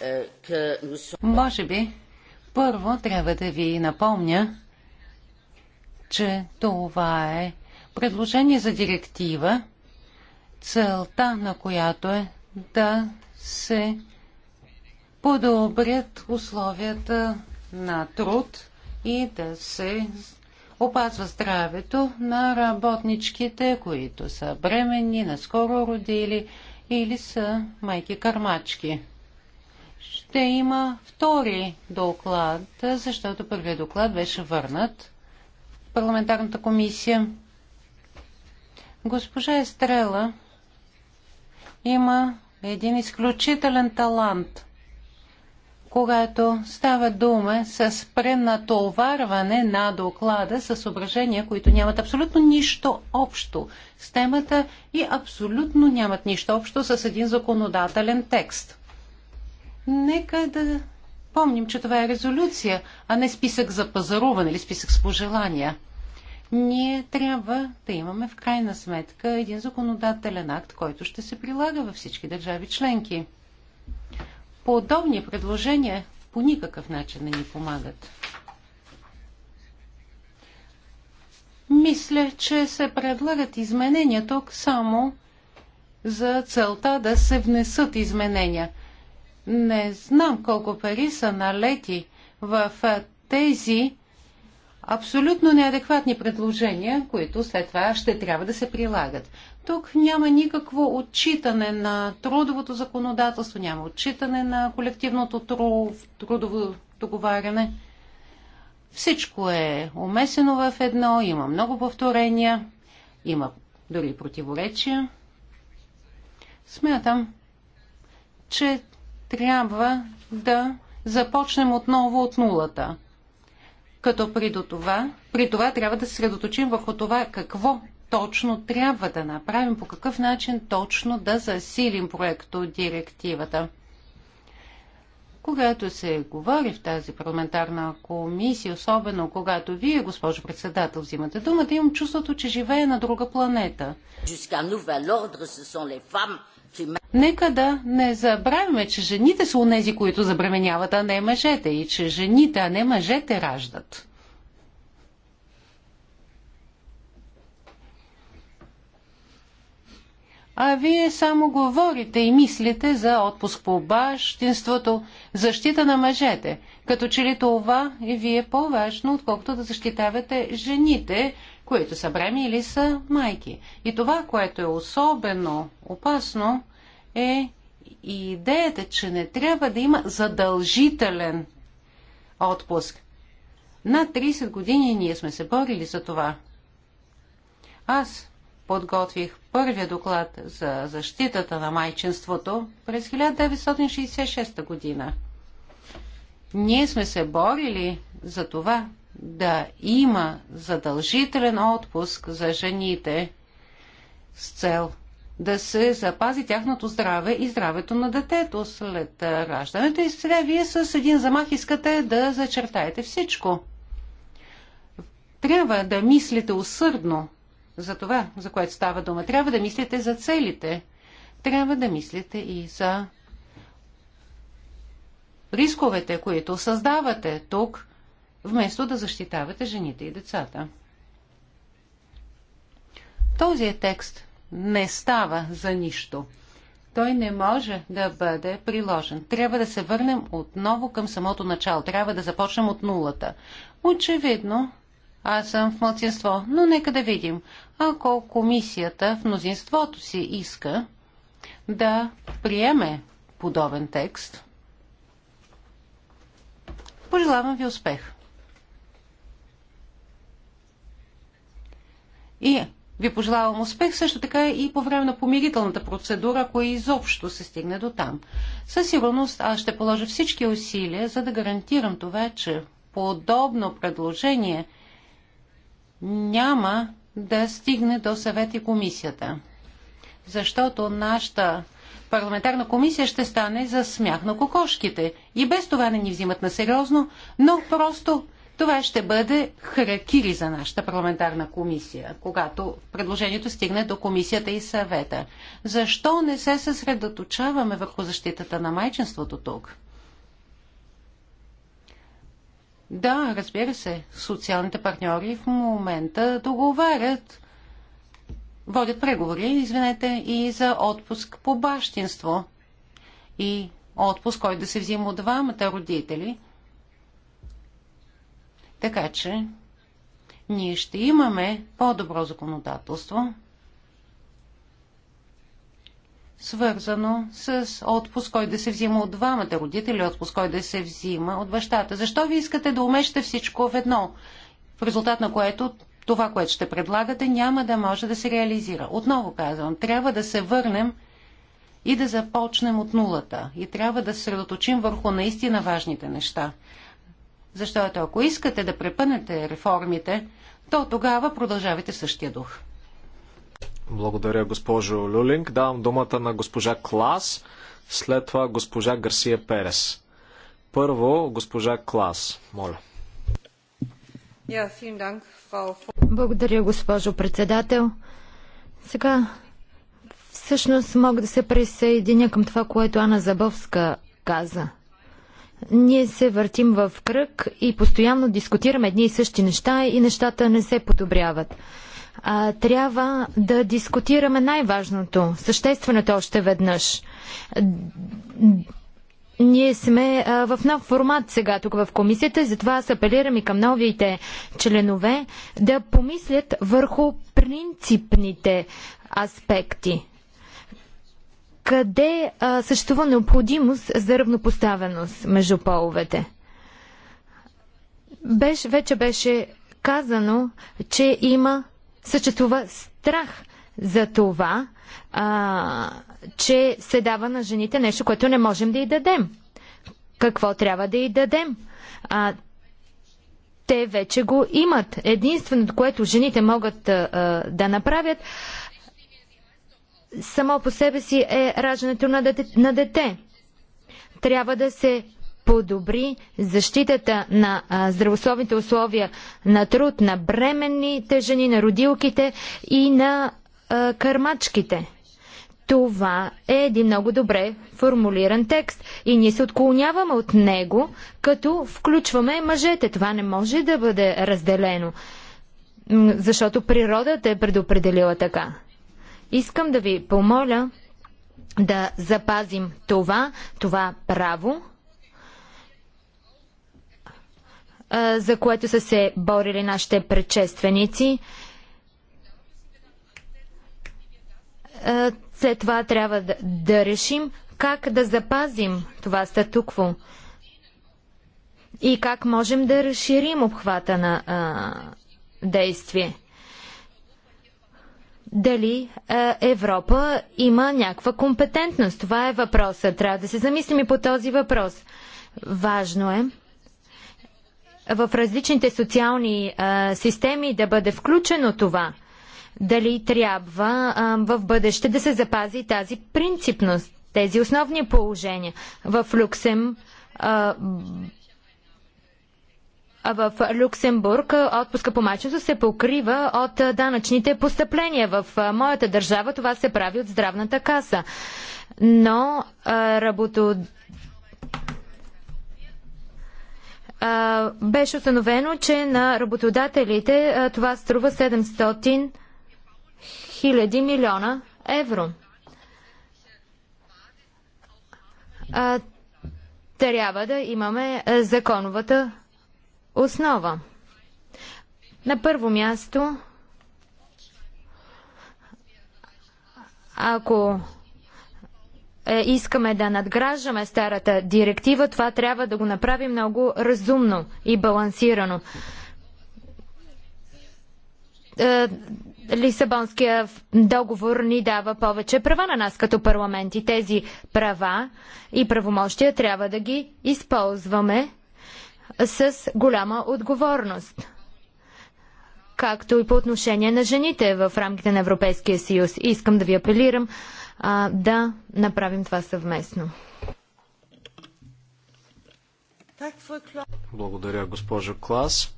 Euh, Може би първо трябва да ви напомня, че това е предложение за директива, целта на която е да се подобрят условията на труд и да се опазва здравето на работничките, които са бременни, наскоро родили или са майки-кармачки. Ще има втори доклад, защото първият доклад беше върнат в парламентарната комисия. Госпожа Естрела има един изключителен талант когато става дума с пренатоварване на доклада с съображения, които нямат абсолютно нищо общо с темата и абсолютно нямат нищо общо с един законодателен текст. Нека да помним, че това е резолюция, а не списък за пазаруване или списък с пожелания. Ние трябва да имаме в крайна сметка един законодателен акт, който ще се прилага във всички държави членки подобни предложения по никакъв начин не ни помагат. Мисля, че се предлагат изменения тук само за целта да се внесат изменения. Не знам колко пари са налети в тези абсолютно неадекватни предложения, които след това ще трябва да се прилагат. Тук няма никакво отчитане на трудовото законодателство, няма отчитане на колективното трудово договаряне. Всичко е умесено в едно, има много повторения, има дори противоречия. Смятам, че трябва да започнем отново от нулата. Като при това, при това трябва да се средоточим върху това какво точно трябва да направим, по какъв начин точно да засилим проекто директивата. Когато се говори в тази парламентарна комисия, особено когато вие, госпожо председател, взимате думата, имам чувството, че живее на друга планета. Нека да не забравяме, че жените са унези, които забременяват, а не мъжете, и че жените, а не мъжете раждат. а вие само говорите и мислите за отпуск по бащинството, защита на мъжете. Като че ли това и ви е по-важно, отколкото да защитавате жените, които са бреми или са майки. И това, което е особено опасно, е и идеята, че не трябва да има задължителен отпуск. Над 30 години ние сме се борили за това. Аз подготвих първия доклад за защитата на майчинството през 1966 година. Ние сме се борили за това да има задължителен отпуск за жените с цел да се запази тяхното здраве и здравето на детето след раждането. И сега вие с един замах искате да зачертаете всичко. Трябва да мислите усърдно за това, за което става дума. Трябва да мислите за целите. Трябва да мислите и за рисковете, които създавате тук, вместо да защитавате жените и децата. Този текст не става за нищо. Той не може да бъде приложен. Трябва да се върнем отново към самото начало. Трябва да започнем от нулата. Очевидно, аз съм в мълцинство. Но нека да видим. Ако комисията в мнозинството си иска да приеме подобен текст, пожелавам ви успех. И ви пожелавам успех също така и по време на помирителната процедура, ако изобщо се стигне до там. Със сигурност аз ще положа всички усилия, за да гарантирам това, че подобно предложение – няма да стигне до съвет и комисията. Защото нашата парламентарна комисия ще стане за смях на кокошките. И без това не ни взимат на сериозно, но просто това ще бъде харакири за нашата парламентарна комисия, когато предложението стигне до комисията и съвета. Защо не се съсредоточаваме върху защитата на майчинството тук? Да, разбира се, социалните партньори в момента договарят, водят преговори, извинете, и за отпуск по бащинство и отпуск, който да се взима от двамата родители. Така че ние ще имаме по-добро законодателство свързано с отпуск, който да се взима от двамата родители, отпуск, който да се взима от бащата. Защо ви искате да умещате всичко в едно, в резултат на което това, което ще предлагате, няма да може да се реализира. Отново казвам, трябва да се върнем и да започнем от нулата. И трябва да се средоточим върху наистина важните неща. Защото ако искате да препънете реформите, то тогава продължавайте същия дух. Благодаря, госпожо Люлинг. Давам думата на госпожа Клас, след това госпожа Гарсия Перес. Първо, госпожа Клас, моля. Благодаря, госпожо председател. Сега всъщност мога да се присъединя към това, което Ана Забовска каза. Ние се въртим в кръг и постоянно дискутираме едни и същи неща и нещата не се подобряват а, трябва да дискутираме най-важното, същественото още веднъж. Ние сме а, в нов формат сега тук в комисията и затова аз апелирам и към новите членове да помислят върху принципните аспекти. Къде а, съществува необходимост за равнопоставеност между половете? Беше, вече беше казано, че има съществува страх за това, а, че се дава на жените нещо, което не можем да й дадем. Какво трябва да й дадем? А, те вече го имат. Единственото, което жените могат а, да направят, само по себе си е раждането на дете. На дете. Трябва да се подобри защитата на здравословните условия на труд на бременните жени, на родилките и на кърмачките. Това е един много добре формулиран текст и ние се отклоняваме от него, като включваме мъжете. Това не може да бъде разделено, защото природата е предопределила така. Искам да ви помоля да запазим това, това право за което са се борили нашите предшественици. След това трябва да, да решим как да запазим това статукво и как можем да разширим обхвата на а, действие. Дали а, Европа има някаква компетентност? Това е въпросът. Трябва да се замислим и по този въпрос. Важно е в различните социални а, системи да бъде включено това. Дали трябва а, в бъдеще да се запази тази принципност, тези основни положения. В Люксем а, в Люксембург отпуска по мачето се покрива от данъчните постъпления. В моята държава това се прави от здравната каса. Но работо беше установено, че на работодателите това струва 700 хиляди милиона евро. Трябва да имаме законовата основа. На първо място, ако е, искаме да надграждаме старата директива, това трябва да го направим много разумно и балансирано. Е, Лисабонския договор ни дава повече права на нас като парламент и тези права и правомощия трябва да ги използваме с голяма отговорност. Както и по отношение на жените в рамките на Европейския съюз. искам да ви апелирам а, да направим това съвместно. Благодаря, госпожо Клас.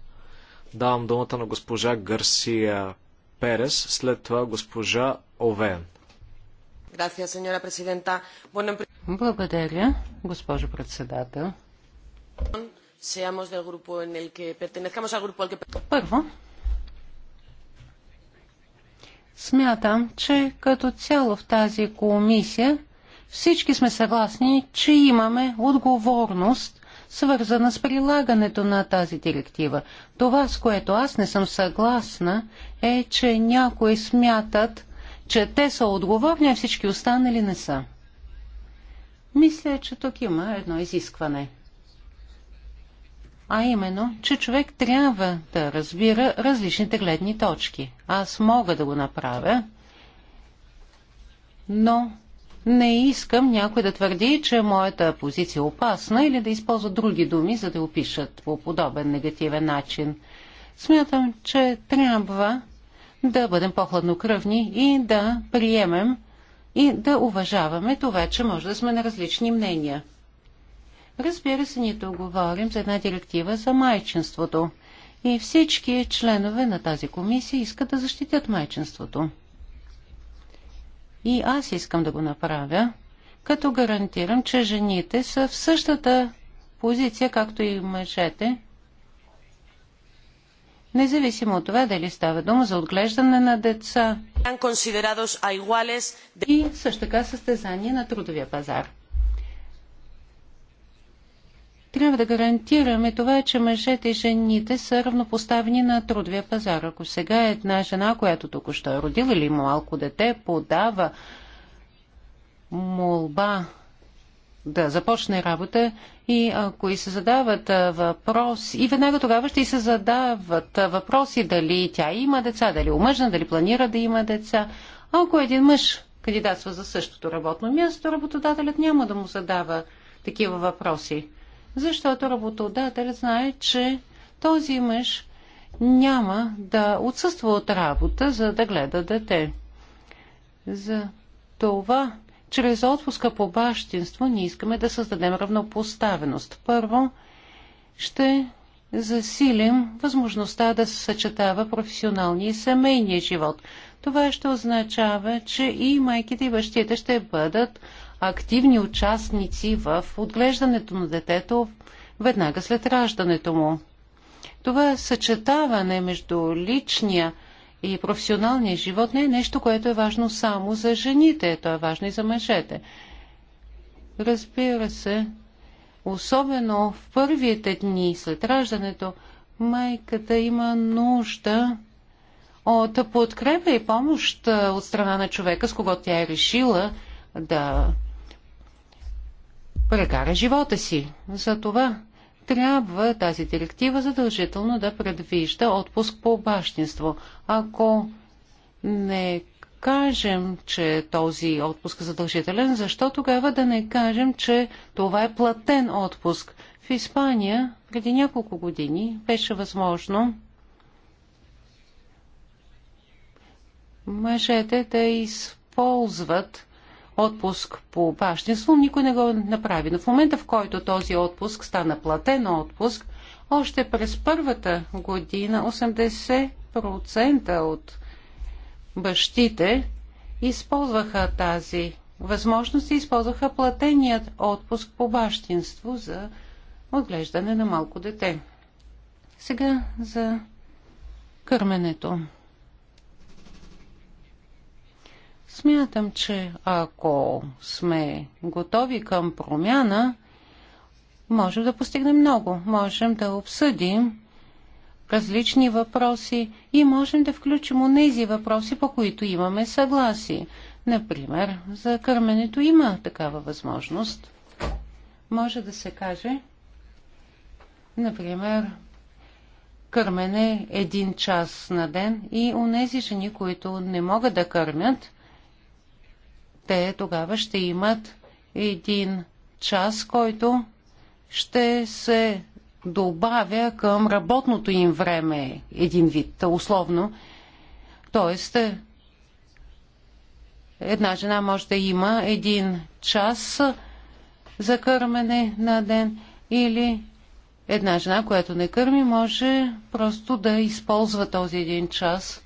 Давам думата на госпожа Гарсия Перес, след това госпожа Овен. Благодаря, госпожо председател. Първо, Смятам, че като цяло в тази комисия всички сме съгласни, че имаме отговорност, свързана с прилагането на тази директива. Това, с което аз не съм съгласна, е, че някои смятат, че те са отговорни, а всички останали не са. Мисля, че тук има едно изискване – а именно, че човек трябва да разбира различните гледни точки. Аз мога да го направя, но не искам някой да твърди, че моята позиция е опасна или да използва други думи, за да опишат по подобен негативен начин. Смятам, че трябва да бъдем по-хладнокръвни и да приемем и да уважаваме това, че може да сме на различни мнения. Разбира се, ние тук говорим за една директива за майчинството. И всички членове на тази комисия искат да защитят майчинството. И аз искам да го направя, като гарантирам, че жените са в същата позиция, както и мъжете, независимо от това дали става дума за отглеждане на деца и също така състезание на трудовия пазар. Трябва да гарантираме това, че мъжете и жените са равнопоставени на трудовия пазар. Ако сега една жена, която току-що е родила или малко дете, подава молба да започне работа и ако и се задават въпроси, и веднага тогава ще и се задават въпроси дали тя има деца, дали омъжна, дали планира да има деца. Ако един мъж кандидатства за същото работно място, работодателят няма да му задава такива въпроси защото работодател знае, че този мъж няма да отсъства от работа, за да гледа дете. За това, чрез отпуска по бащинство, ние искаме да създадем равнопоставеност. Първо, ще засилим възможността да се съчетава професионалния и семейния живот. Това ще означава, че и майките и бащите ще бъдат активни участници в отглеждането на детето веднага след раждането му. Това съчетаване между личния и професионалния живот не е нещо, което е важно само за жените, то е важно и за мъжете. Разбира се, особено в първите дни след раждането, майката има нужда от подкрепа и помощ от страна на човека, с когото тя е решила да прекара живота си. Затова трябва тази директива задължително да предвижда отпуск по бащинство. Ако не кажем, че този отпуск е задължителен, защо тогава да не кажем, че това е платен отпуск? В Испания преди няколко години беше възможно мъжете да използват отпуск по бащинство, никой не го направи. Но в момента, в който този отпуск стана платен отпуск, още през първата година 80% от бащите използваха тази възможност и използваха платеният отпуск по бащинство за отглеждане на малко дете. Сега за кърменето. Смятам, че ако сме готови към промяна, можем да постигнем много. Можем да обсъдим различни въпроси и можем да включим онези въпроси, по които имаме съгласие. Например, за кърменето има такава възможност. Може да се каже, например, кърмене един час на ден и онези жени, които не могат да кърмят, те тогава ще имат един час, който ще се добавя към работното им време, един вид, условно. Тоест, една жена може да има един час за кърмене на ден или една жена, която не кърми, може просто да използва този един час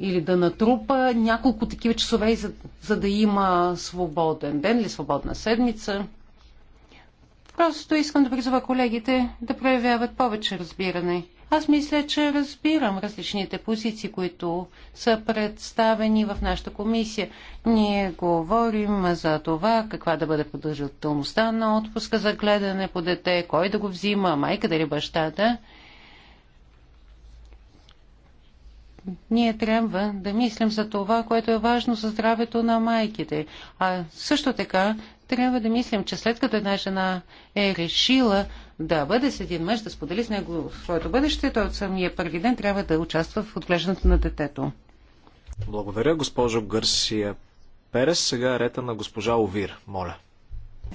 или да натрупа няколко такива часове, за, за да има свободен ден или свободна седмица. Просто искам да призова колегите да проявяват повече разбиране. Аз мисля, че разбирам различните позиции, които са представени в нашата комисия. Ние говорим за това каква да бъде продължителността на отпуска за гледане по дете, кой да го взима, да или бащата. Да? ние трябва да мислим за това, което е важно за здравето на майките. А също така трябва да мислим, че след като една жена е решила да бъде с един мъж, да сподели с него своето бъдеще, той от самия първи ден трябва да участва в отглеждането на детето. Благодаря, госпожо Гърсия Перес. Сега е рета на госпожа Овир. Моля.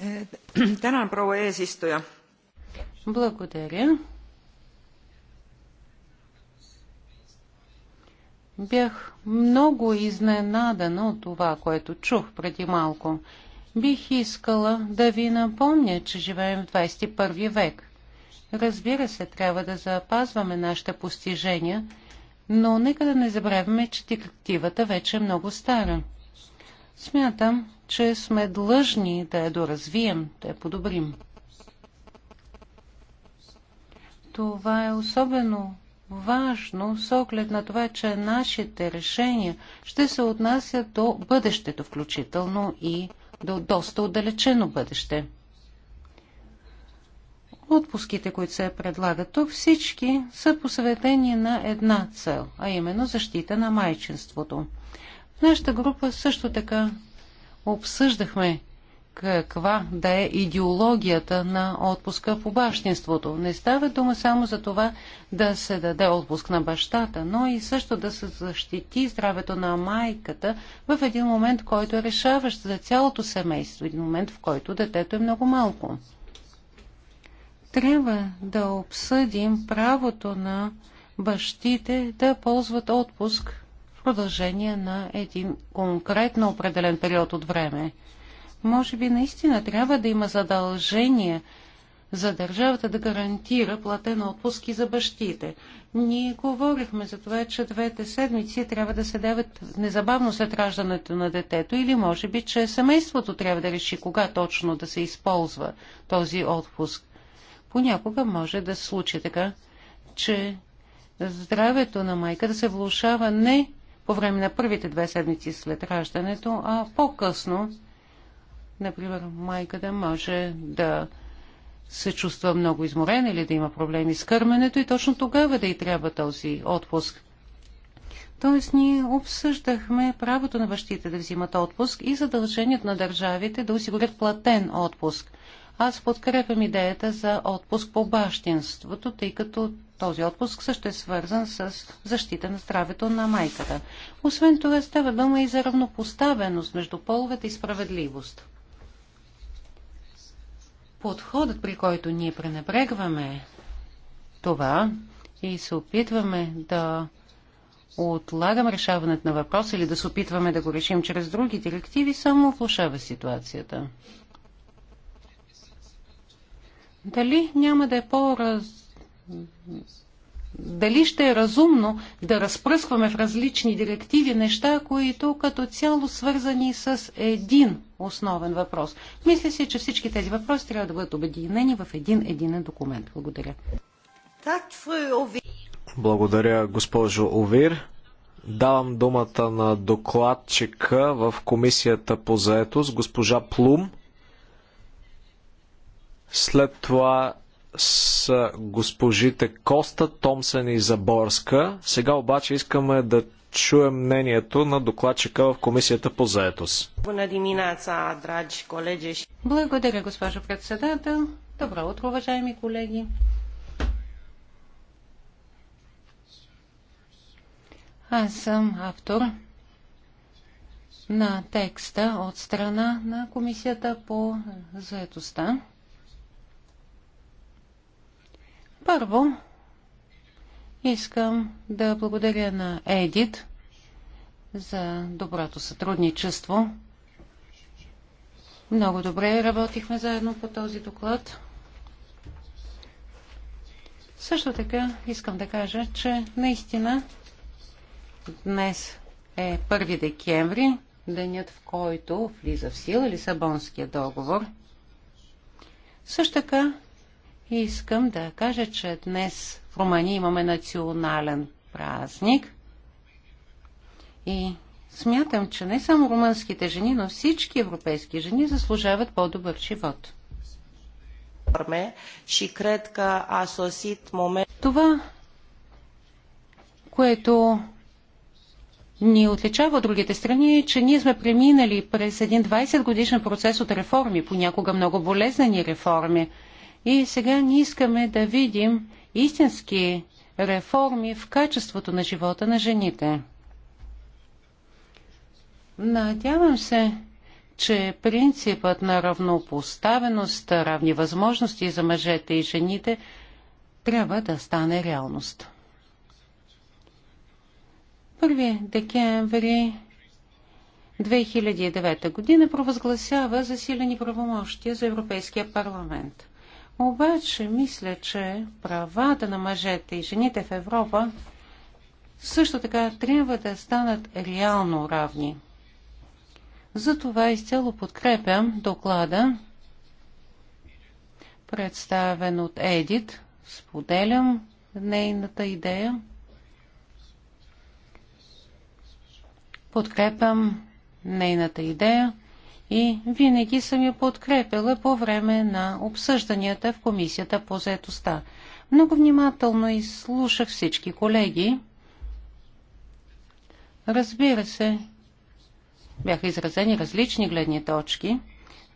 Е, Благодаря. Бях много изненадана от това, което чух преди малко. Бих искала да ви напомня, че живеем в 21 век. Разбира се, трябва да запазваме нашите постижения, но нека да не забравяме, че директивата вече е много стара. Смятам, че сме длъжни да я доразвием, да я подобрим. Това е особено важно с оглед на това, че нашите решения ще се отнасят до бъдещето, включително и до доста отдалечено бъдеще. Отпуските, които се предлагат тук, всички са посветени на една цел, а именно защита на майчинството. В нашата група също така обсъждахме каква да е идеологията на отпуска по бащинството. Не става дума само за това да се даде отпуск на бащата, но и също да се защити здравето на майката в един момент, който е решаващ за цялото семейство, един момент, в който детето е много малко. Трябва да обсъдим правото на бащите да ползват отпуск в продължение на един конкретно определен период от време. Може би наистина трябва да има задължение за държавата да гарантира платена отпуски за бащите. Ние говорихме за това, че двете седмици трябва да се дават незабавно след раждането на детето или може би, че семейството трябва да реши кога точно да се използва този отпуск. Понякога може да се случи така, че здравето на майка да се влушава не по време на първите две седмици след раждането, а по-късно Например, майката може да се чувства много изморена или да има проблеми с кърменето и точно тогава да й трябва този отпуск. Тоест ние обсъждахме правото на бащите да взимат отпуск и задължението на държавите да осигурят платен отпуск. Аз подкрепям идеята за отпуск по бащинството, тъй като този отпуск също е свързан с защита на здравето на майката. Освен това става дума и за равнопоставеност между половете и справедливост подходът, при който ние пренебрегваме това и се опитваме да отлагам решаването на въпроса или да се опитваме да го решим чрез други директиви, само влушава ситуацията. Дали няма да е по-раз дали ще е разумно да разпръскваме в различни директиви неща, които като цяло свързани с един основен въпрос. Мисля си, че всички тези въпроси трябва да бъдат обединени в един единен документ. Благодаря. Благодаря, госпожо Овир. Давам думата на докладчика в Комисията по заетост, госпожа Плум. След това с госпожите Коста, Томсен и Заборска. Сега обаче искаме да чуем мнението на докладчика в Комисията по заетост. Благодаря, госпожо председател. Добро утро, уважаеми колеги. Аз съм автор на текста от страна на Комисията по заетостта. Първо, искам да благодаря на Едит за доброто сътрудничество. Много добре работихме заедно по този доклад. Също така искам да кажа, че наистина днес е 1 декември, денят в който влиза в сила Лисабонския договор. Също така Искам да кажа, че днес в Румъния имаме национален празник и смятам, че не само румънските жени, но всички европейски жени заслужават по-добър живот. Това, което ни отличава от другите страни е, че ние сме преминали през един 20 годишен процес от реформи, понякога много болезнени реформи – и сега ние искаме да видим истински реформи в качеството на живота на жените. Надявам се, че принципът на равнопоставеност, равни възможности за мъжете и жените трябва да стане реалност. 1 декември 2009 година провъзгласява засилени правомощия за Европейския парламент. Обаче мисля, че правата на мъжете и жените в Европа също така трябва да станат реално равни. Затова изцяло подкрепям доклада, представен от Едит. Споделям нейната идея. Подкрепям нейната идея и винаги съм я подкрепила по време на обсъжданията в Комисията по заедостта. Много внимателно изслушах всички колеги. Разбира се, бяха изразени различни гледни точки,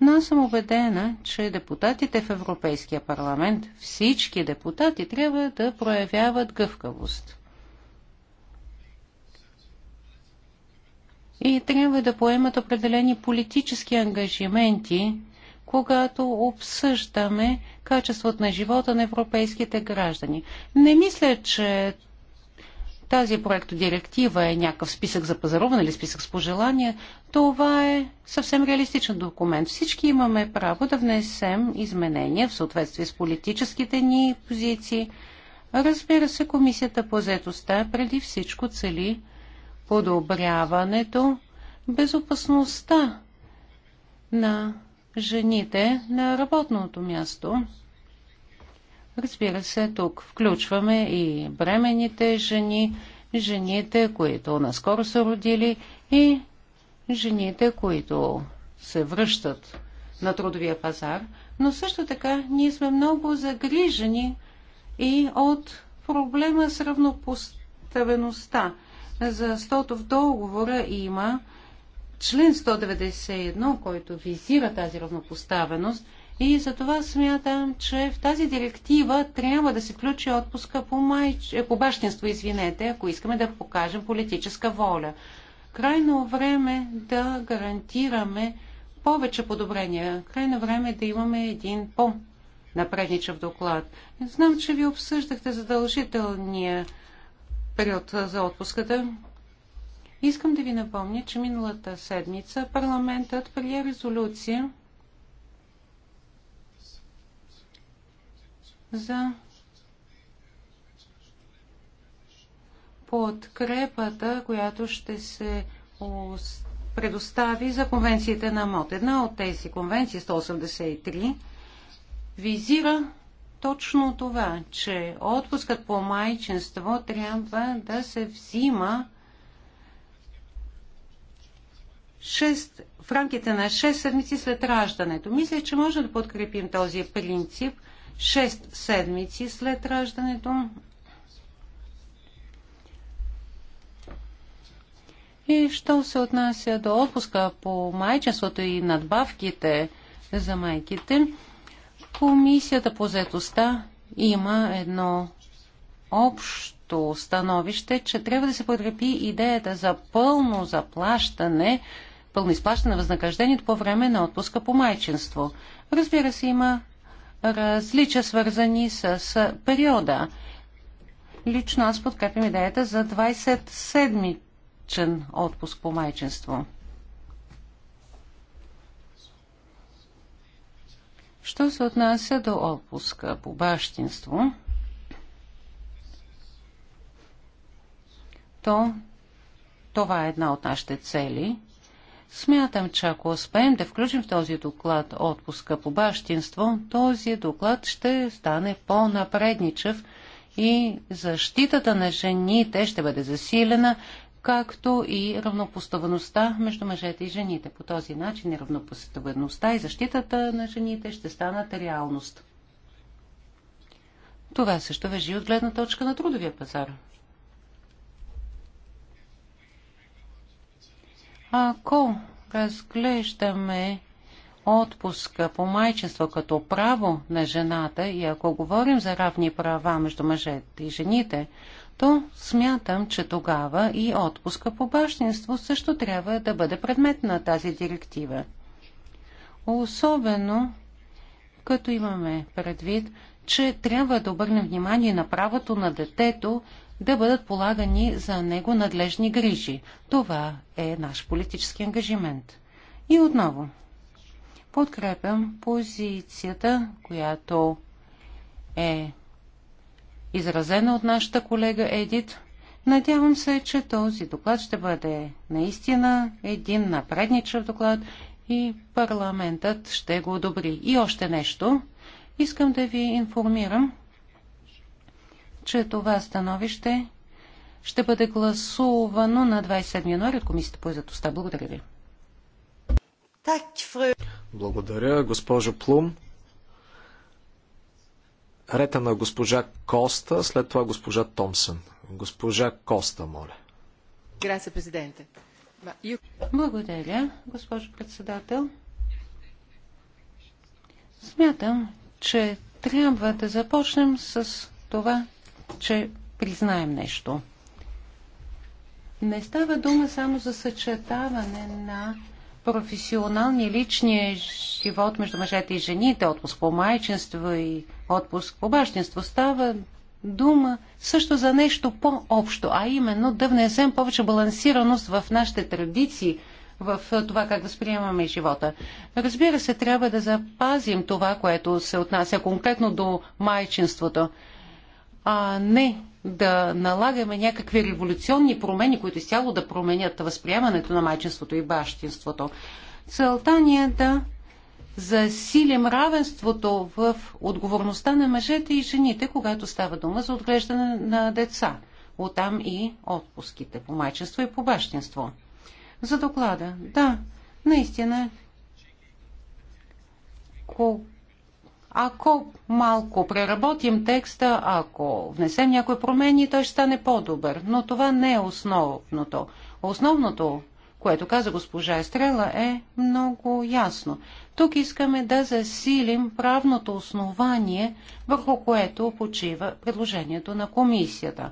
но аз съм убедена, че депутатите в Европейския парламент, всички депутати, трябва да проявяват гъвкавост. и трябва да поемат определени политически ангажименти, когато обсъждаме качеството на живота на европейските граждани. Не мисля, че тази проект директива е някакъв списък за пазаруване или списък с пожелания. Това е съвсем реалистичен документ. Всички имаме право да внесем изменения в съответствие с политическите ни позиции. Разбира се, Комисията по заедостта преди всичко цели подобряването безопасността на жените на работното място. Разбира се, тук включваме и бременните жени, жените, които наскоро са родили и жените, които се връщат на трудовия пазар, но също така ние сме много загрижени и от проблема с равнопоставеността защото в договора има член 191, който визира тази равнопоставеност и за това смятам, че в тази директива трябва да се включи отпуска по, майч... Е, по бащинство, извинете, ако искаме да покажем политическа воля. Крайно време да гарантираме повече подобрения. Крайно време да имаме един по-напредничав доклад. Знам, че ви обсъждахте задължителния период за отпуската. Искам да ви напомня, че миналата седмица парламентът прие резолюция за подкрепата, която ще се предостави за конвенциите на МОД. Една от тези конвенции, 183, визира точно това, че отпускът по майчинство трябва да се взима 6, в рамките на 6 седмици след раждането. Мисля, че може да подкрепим този принцип 6 седмици след раждането. И що се отнася до отпуска по майчеството и надбавките за майките, Комисията по заедостта има едно общо становище, че трябва да се подкрепи идеята за пълно заплащане, пълно изплащане на възнаграждението по време на отпуска по майчинство. Разбира се, има различия, свързани с периода. Лично аз подкрепям идеята за 27-чен отпуск по майчинство. Що се отнася до отпуска по бащинство, то това е една от нашите цели. Смятам, че ако успеем да включим в този доклад отпуска по бащинство, този доклад ще стане по-напредничев и защитата на жените ще бъде засилена, както и равнопоставеността между мъжете и жените. По този начин и равнопоставеността и защитата на жените ще станат реалност. Това също въжи от гледна точка на трудовия пазар. Ако разглеждаме отпуска по майчество като право на жената и ако говорим за равни права между мъжете и жените, то смятам, че тогава и отпуска по бащинство също трябва да бъде предмет на тази директива. Особено като имаме предвид, че трябва да обърнем внимание на правото на детето да бъдат полагани за него надлежни грижи. Това е наш политически ангажимент. И отново, подкрепям позицията, която е изразена от нашата колега Едит. Надявам се, че този доклад ще бъде наистина един напредничав доклад и парламентът ще го одобри. И още нещо. Искам да ви информирам, че това становище ще бъде гласувано на 27 януари от Комисията по заедостта. Благодаря ви. Благодаря, госпожо Плум рета на госпожа Коста, след това госпожа Томсън. Госпожа Коста, моля. Грация, президенте. Благодаря, госпожо председател. Смятам, че трябва да започнем с това, че признаем нещо. Не става дума само за съчетаване на професионалния и личния живот между мъжете и жените, отпуск по майчинство и отпуск по бащинство, става дума също за нещо по-общо, а именно да внесем повече балансираност в нашите традиции, в това как възприемаме живота. Разбира се, трябва да запазим това, което се отнася конкретно до майчинството, а не да налагаме някакви революционни промени, които изцяло да променят възприемането на майчинството и бащинството. Целта ни е да засилим равенството в отговорността на мъжете и жените, когато става дума за отглеждане на деца. Оттам и отпуските по майчинство и по бащинство. За доклада. Да, наистина. Колко ако малко преработим текста, ако внесем някои промени, той ще стане по-добър. Но това не е основното. Основното, което каза госпожа Естрела, е много ясно. Тук искаме да засилим правното основание, върху което почива предложението на комисията.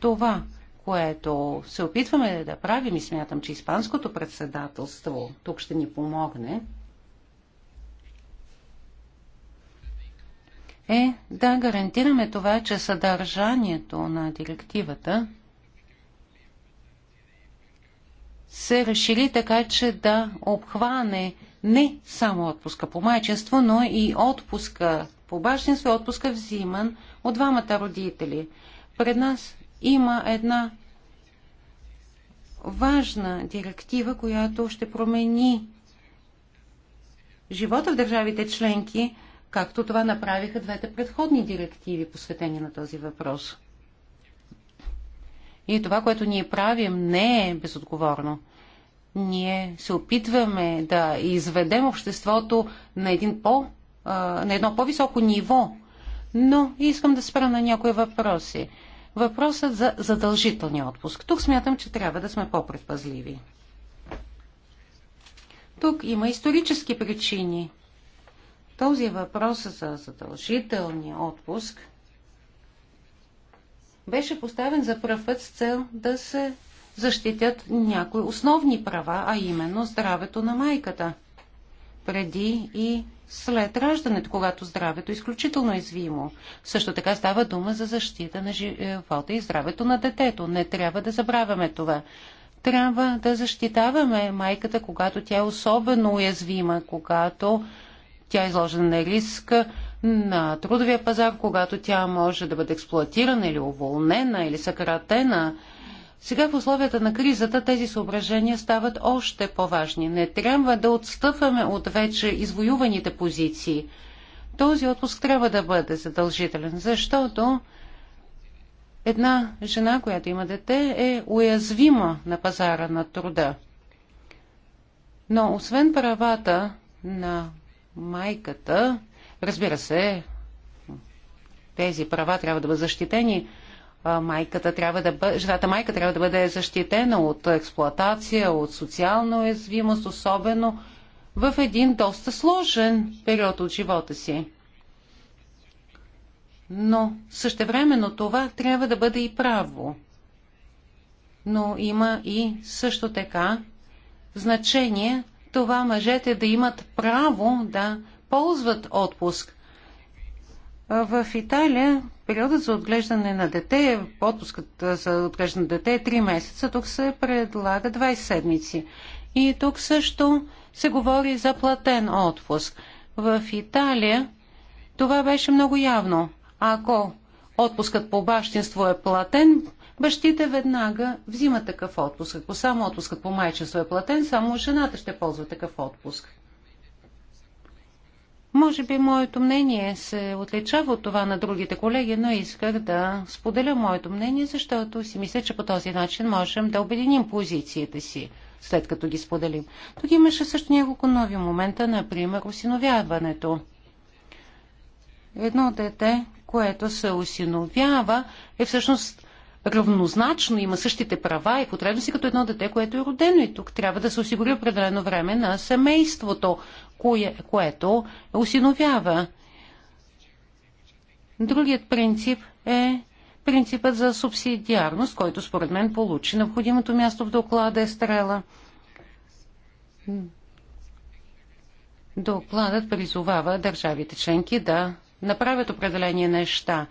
Това, което се опитваме да правим и смятам, че Испанското председателство тук ще ни помогне – е да гарантираме това, че съдържанието на директивата се разшири така, че да обхване не само отпуска по майчинство, но и отпуска по бащинство и отпуска взиман от двамата родители. Пред нас има една важна директива, която ще промени живота в държавите членки, както това направиха двете предходни директиви, посветени на този въпрос. И това, което ние правим, не е безотговорно. Ние се опитваме да изведем обществото на, един по, на едно по-високо ниво, но искам да спра на някои въпроси. Въпросът за задължителния отпуск. Тук смятам, че трябва да сме по-предпазливи. Тук има исторически причини – този въпрос за задължителния отпуск беше поставен за пръв път с цел да се защитят някои основни права, а именно здравето на майката преди и след раждането, когато здравето е изключително извимо. Също така става дума за защита на е, живота и здравето на детето. Не трябва да забравяме това. Трябва да защитаваме майката, когато тя е особено уязвима, когато тя е изложена на риск на трудовия пазар, когато тя може да бъде експлуатирана или уволнена или съкратена. Сега в условията на кризата тези съображения стават още по-важни. Не трябва да отстъпваме от вече извоюваните позиции. Този отпуск трябва да бъде задължителен, защото една жена, която има дете, е уязвима на пазара на труда. Но освен правата на майката. Разбира се, тези права трябва да бъдат защитени. Майката трябва да бъ... Жената майка трябва да бъде защитена от експлоатация, от социална уязвимост, особено в един доста сложен период от живота си. Но същевременно това трябва да бъде и право. Но има и също така значение това мъжете да имат право да ползват отпуск. В Италия периодът за отглеждане на дете, отпускът за отглеждане на дете е 3 месеца, тук се предлага 20 седмици. И тук също се говори за платен отпуск. В Италия това беше много явно. Ако отпускът по бащинство е платен, бащите веднага взимат такъв отпуск. Ако само отпускът по майчество е платен, само жената ще ползва такъв отпуск. Може би моето мнение се отличава от това на другите колеги, но исках да споделя моето мнение, защото си мисля, че по този начин можем да обединим позициите си, след като ги споделим. Тук имаше също няколко нови момента, например осиновяването. Едно дете, което се осиновява, е всъщност равнозначно има същите права и потребности като едно дете, което е родено. И тук трябва да се осигури определено време на семейството, кое, което осиновява. Другият принцип е принципът за субсидиарност, който според мен получи необходимото място в доклада Естрела. Докладът призовава държавите членки да направят определени неща.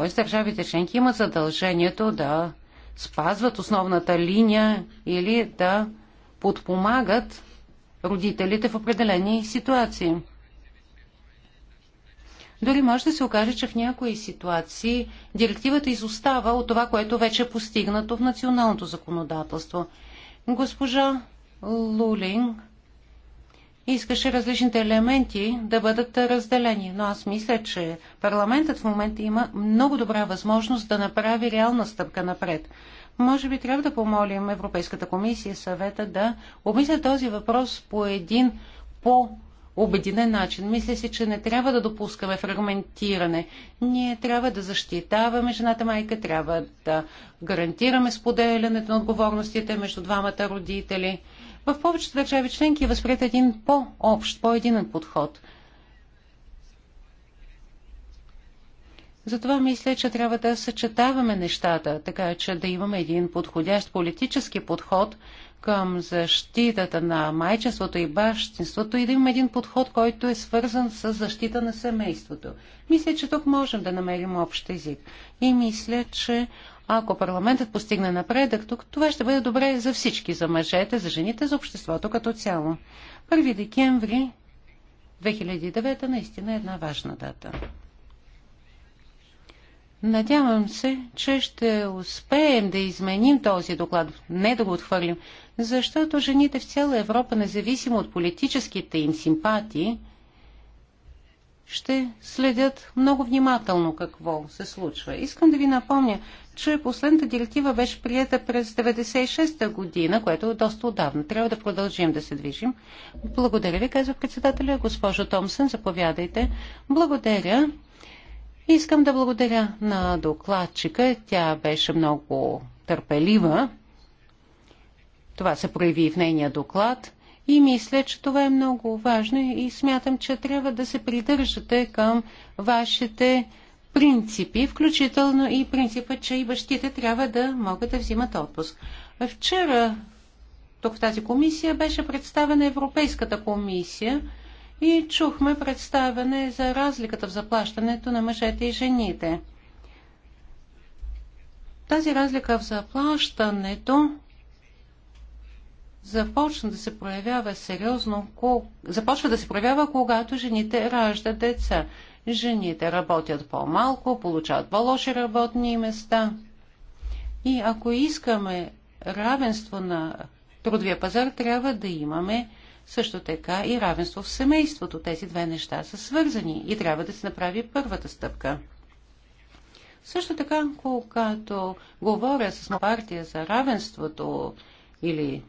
Т.е. държавите членки имат задължението да спазват основната линия или да подпомагат родителите в определени ситуации. Дори може да се окаже, че в някои ситуации директивата изостава от това, което вече е постигнато в националното законодателство. Госпожа Лулинг искаше различните елементи да бъдат разделени. Но аз мисля, че парламентът в момента има много добра възможност да направи реална стъпка напред. Може би трябва да помолим Европейската комисия съвета да обмислят този въпрос по един по обединен начин. Мисля си, че не трябва да допускаме фрагментиране. Ние трябва да защитаваме жената майка, трябва да гарантираме споделянето на отговорностите между двамата родители – в повечето държави членки е възприят един по-общ, по-единен подход. Затова мисля, че трябва да съчетаваме нещата, така че да имаме един подходящ политически подход към защитата на майчеството и бащинството и да имаме един подход, който е свързан с защита на семейството. Мисля, че тук можем да намерим общ език. И мисля, че ако парламентът постигне напредък тук, това ще бъде добре за всички, за мъжете, за жените, за обществото като цяло. 1 декември 2009 наистина е една важна дата. Надявам се, че ще успеем да изменим този доклад, не да го отхвърлим, защото жените в цяла Европа, независимо от политическите им симпатии, ще следят много внимателно какво се случва. Искам да ви напомня, че последната директива беше прията през 1996 година, което е доста отдавна. Трябва да продължим да се движим. Благодаря ви, казва председателя. Госпожо Томсън, заповядайте. Благодаря. Искам да благодаря на докладчика. Тя беше много търпелива. Това се прояви в нейния доклад. И мисля, че това е много важно и смятам, че трябва да се придържате към вашите принципи, включително и принципа, че и бащите трябва да могат да взимат отпуск. Вчера тук в тази комисия беше представена Европейската комисия и чухме представяне за разликата в заплащането на мъжете и жените. Тази разлика в заплащането започна да се проявява сериозно, започва да се проявява, когато жените раждат деца. Жените работят по-малко, получават по-лоши работни места. И ако искаме равенство на трудовия пазар, трябва да имаме също така и равенство в семейството. Тези две неща са свързани и трябва да се направи първата стъпка. Също така, когато говоря с партия за равенството или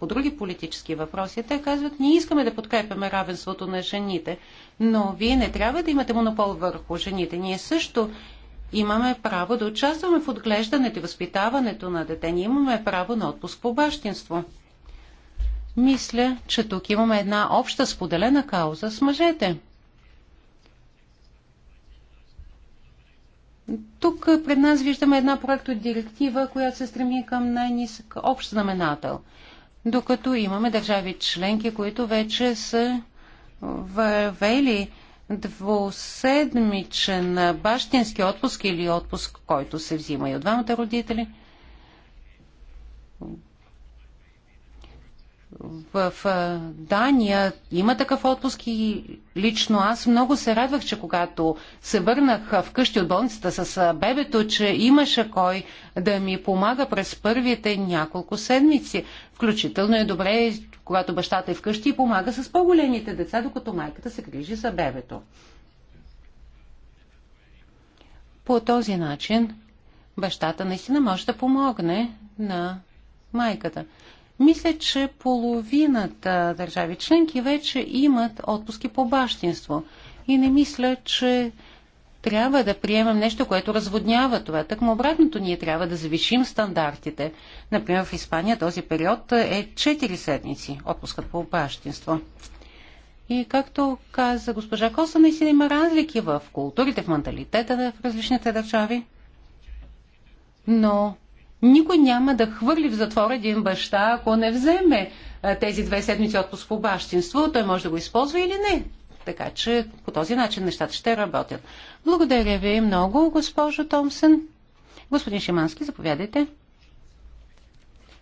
по други политически въпроси, те казват, ние искаме да подкрепяме равенството на жените, но вие не трябва да имате монопол върху жените. Ние също имаме право да участваме в отглеждането и възпитаването на дете. Ние имаме право на отпуск по бащинство. Мисля, че тук имаме една обща споделена кауза с мъжете – Тук пред нас виждаме една директива, която се стреми към най-нисък общ знаменател, докато имаме държави членки, които вече са въвели двуседмичен бащински отпуск или отпуск, който се взима и от двамата родители в Дания има такъв отпуск и лично аз много се радвах, че когато се върнах вкъщи от болницата с бебето, че имаше кой да ми помага през първите няколко седмици. Включително е добре, когато бащата е вкъщи и помага с по-големите деца, докато майката се грижи за бебето. По този начин бащата наистина може да помогне на майката. Мисля, че половината държави членки вече имат отпуски по бащинство. И не мисля, че трябва да приемем нещо, което разводнява това. Так му обратното, ние трябва да завишим стандартите. Например, в Испания този период е 4 седмици отпуска по бащинство. И както каза госпожа Коса, наистина има разлики в културите, в менталитета в различните държави. Но никой няма да хвърли в затвора един баща, ако не вземе тези две седмици отпуск по бащинство, той може да го използва или не. Така че по този начин нещата ще работят. Благодаря ви много, госпожо Томсън. Господин Шимански, заповядайте.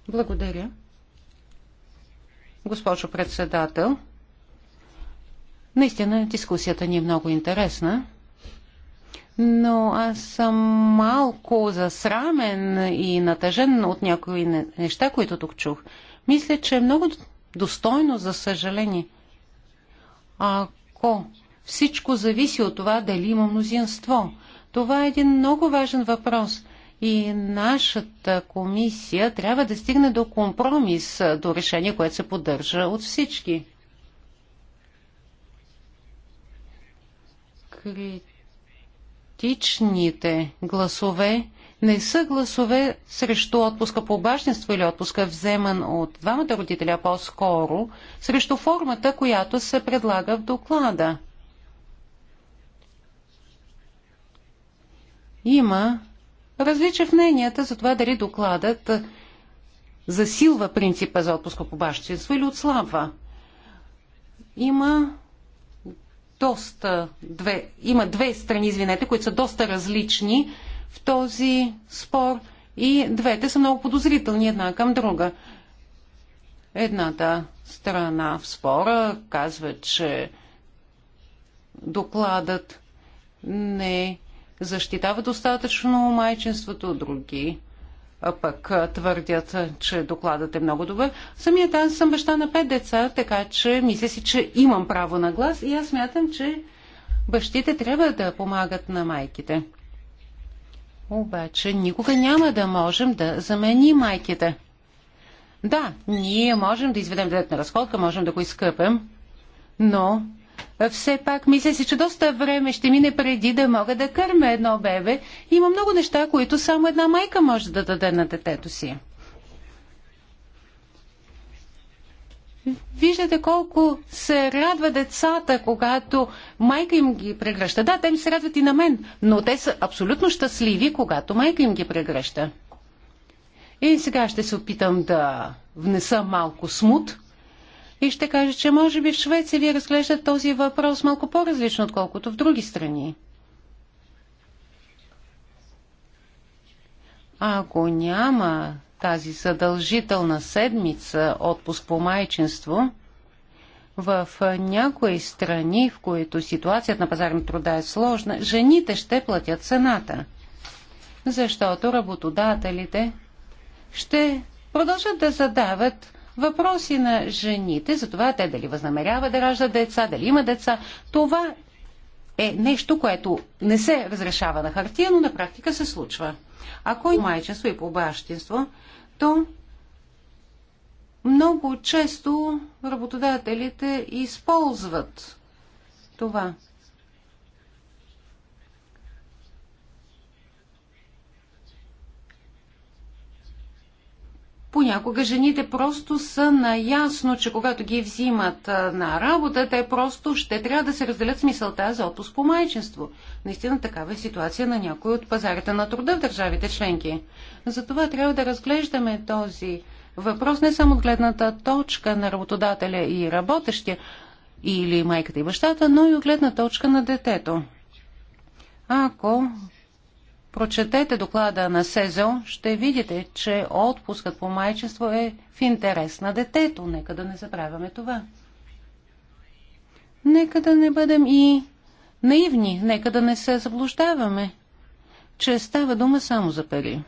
Благодаря. Госпожо председател, наистина дискусията ни е много интересна но аз съм малко засрамен и натъжен от някои неща, които тук чух. Мисля, че е много достойно, за съжаление. Ако всичко зависи от това дали има мнозинство, това е един много важен въпрос. И нашата комисия трябва да стигне до компромис, до решение, което се поддържа от всички. Крит автоматичните гласове не са гласове срещу отпуска по бащинство или отпуска вземан от двамата родителя, по-скоро срещу формата, която се предлага в доклада. Има различие в мненията за това дали докладът засилва принципа за отпуска по бащинство или отслабва. Има доста, две, има две страни, извинете, които са доста различни в този спор и двете са много подозрителни една към друга. Едната страна в спора казва, че докладът не защитава достатъчно майчинството, други пък твърдят, че докладът е много добър. Самият аз съм баща на пет деца, така че мисля си, че имам право на глас и аз смятам, че бащите трябва да помагат на майките. Обаче никога няма да можем да заменим майките. Да, ние можем да изведем дете на разходка, можем да го изкъпем, но все пак мисля си, че доста време ще мине преди да мога да кърмя едно бебе. Има много неща, които само една майка може да даде на детето си. Виждате колко се радва децата, когато майка им ги прегръща. Да, те им се радват и на мен, но те са абсолютно щастливи, когато майка им ги прегръща. И сега ще се опитам да внеса малко смут и ще кажа, че може би в Швеция вие разглеждат този въпрос малко по-различно, отколкото в други страни. Ако няма тази задължителна седмица отпуск по майчинство, в някои страни, в които ситуацията на пазар на труда е сложна, жените ще платят цената. Защото работодателите ще продължат да задават въпроси на жените, за това те дали възнамеряват да раждат деца, дали има деца. Това е нещо, което не се разрешава на хартия, но на практика се случва. Ако има майчество и по бащинство, то много често работодателите използват това. понякога жените просто са наясно, че когато ги взимат на работа, те просто ще трябва да се разделят с мисълта за отпуск по майчинство. Наистина такава е ситуация на някои от пазарите на труда в държавите членки. Затова трябва да разглеждаме този въпрос не само от гледната точка на работодателя и работещия, или майката и бащата, но и от гледна точка на детето. Ако прочетете доклада на СЕЗО, ще видите, че отпускът по майчество е в интерес на детето. Нека да не забравяме това. Нека да не бъдем и наивни, нека да не се заблуждаваме, че става дума само за пари.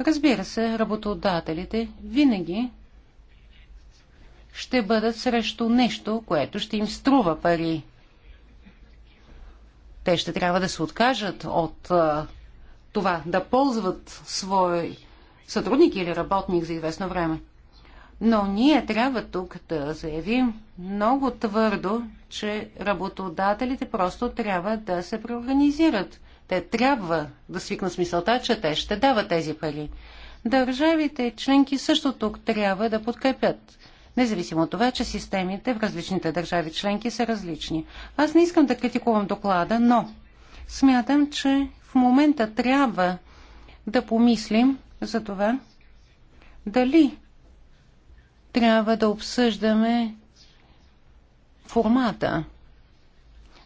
Разбира се, работодателите винаги ще бъдат срещу нещо, което ще им струва пари – те ще трябва да се откажат от а, това да ползват свой сътрудник или работник за известно време. Но ние трябва тук да заявим много твърдо, че работодателите просто трябва да се преорганизират. Те трябва да свикнат с мисълта, че те ще дават тези пари. Държавите членки също тук трябва да подкрепят независимо от това, че системите в различните държави членки са различни. Аз не искам да критикувам доклада, но смятам, че в момента трябва да помислим за това дали трябва да обсъждаме формата.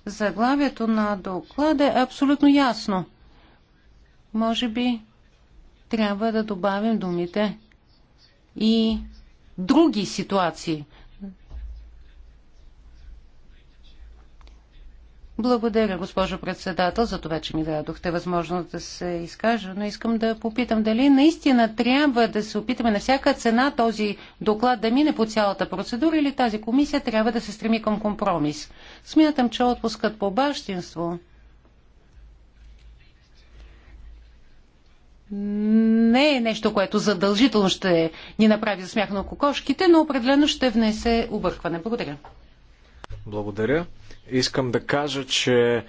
Заглавието на доклада е абсолютно ясно. Може би трябва да добавим думите и други ситуации. Благодаря, госпожо председател, за това, че ми дадохте възможност да се изкажа, но искам да попитам дали наистина трябва да се опитаме на всяка цена този доклад да мине по цялата процедура или тази комисия трябва да се стреми към компромис. Смятам, че отпускът по бащинство не е нещо, което задължително ще ни направи за смях на кокошките, но определено ще внесе объркване. Благодаря. Благодаря. Искам да кажа, че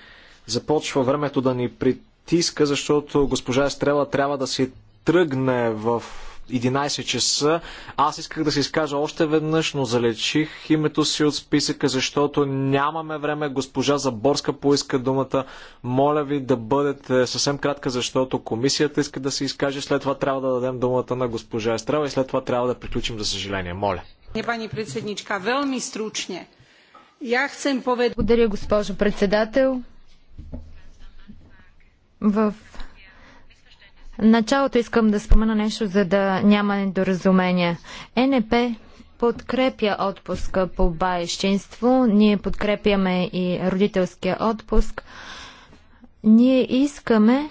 започва времето да ни притиска, защото госпожа Естрела трябва да си тръгне в 11 часа. Аз исках да се изкажа още веднъж, но залечих името си от списъка, защото нямаме време. Госпожа Заборска поиска думата. Моля ви да бъдете съвсем кратка, защото комисията иска да се изкаже. След това трябва да дадем думата на госпожа Естрела и след това трябва да приключим, за съжаление. Моля. Пани председничка, велми стручне. Я хцем поведа... Благодаря, госпожо председател. В началото искам да спомена нещо, за да няма недоразумение. НП подкрепя отпуска по баещинство, ние подкрепяме и родителския отпуск. Ние искаме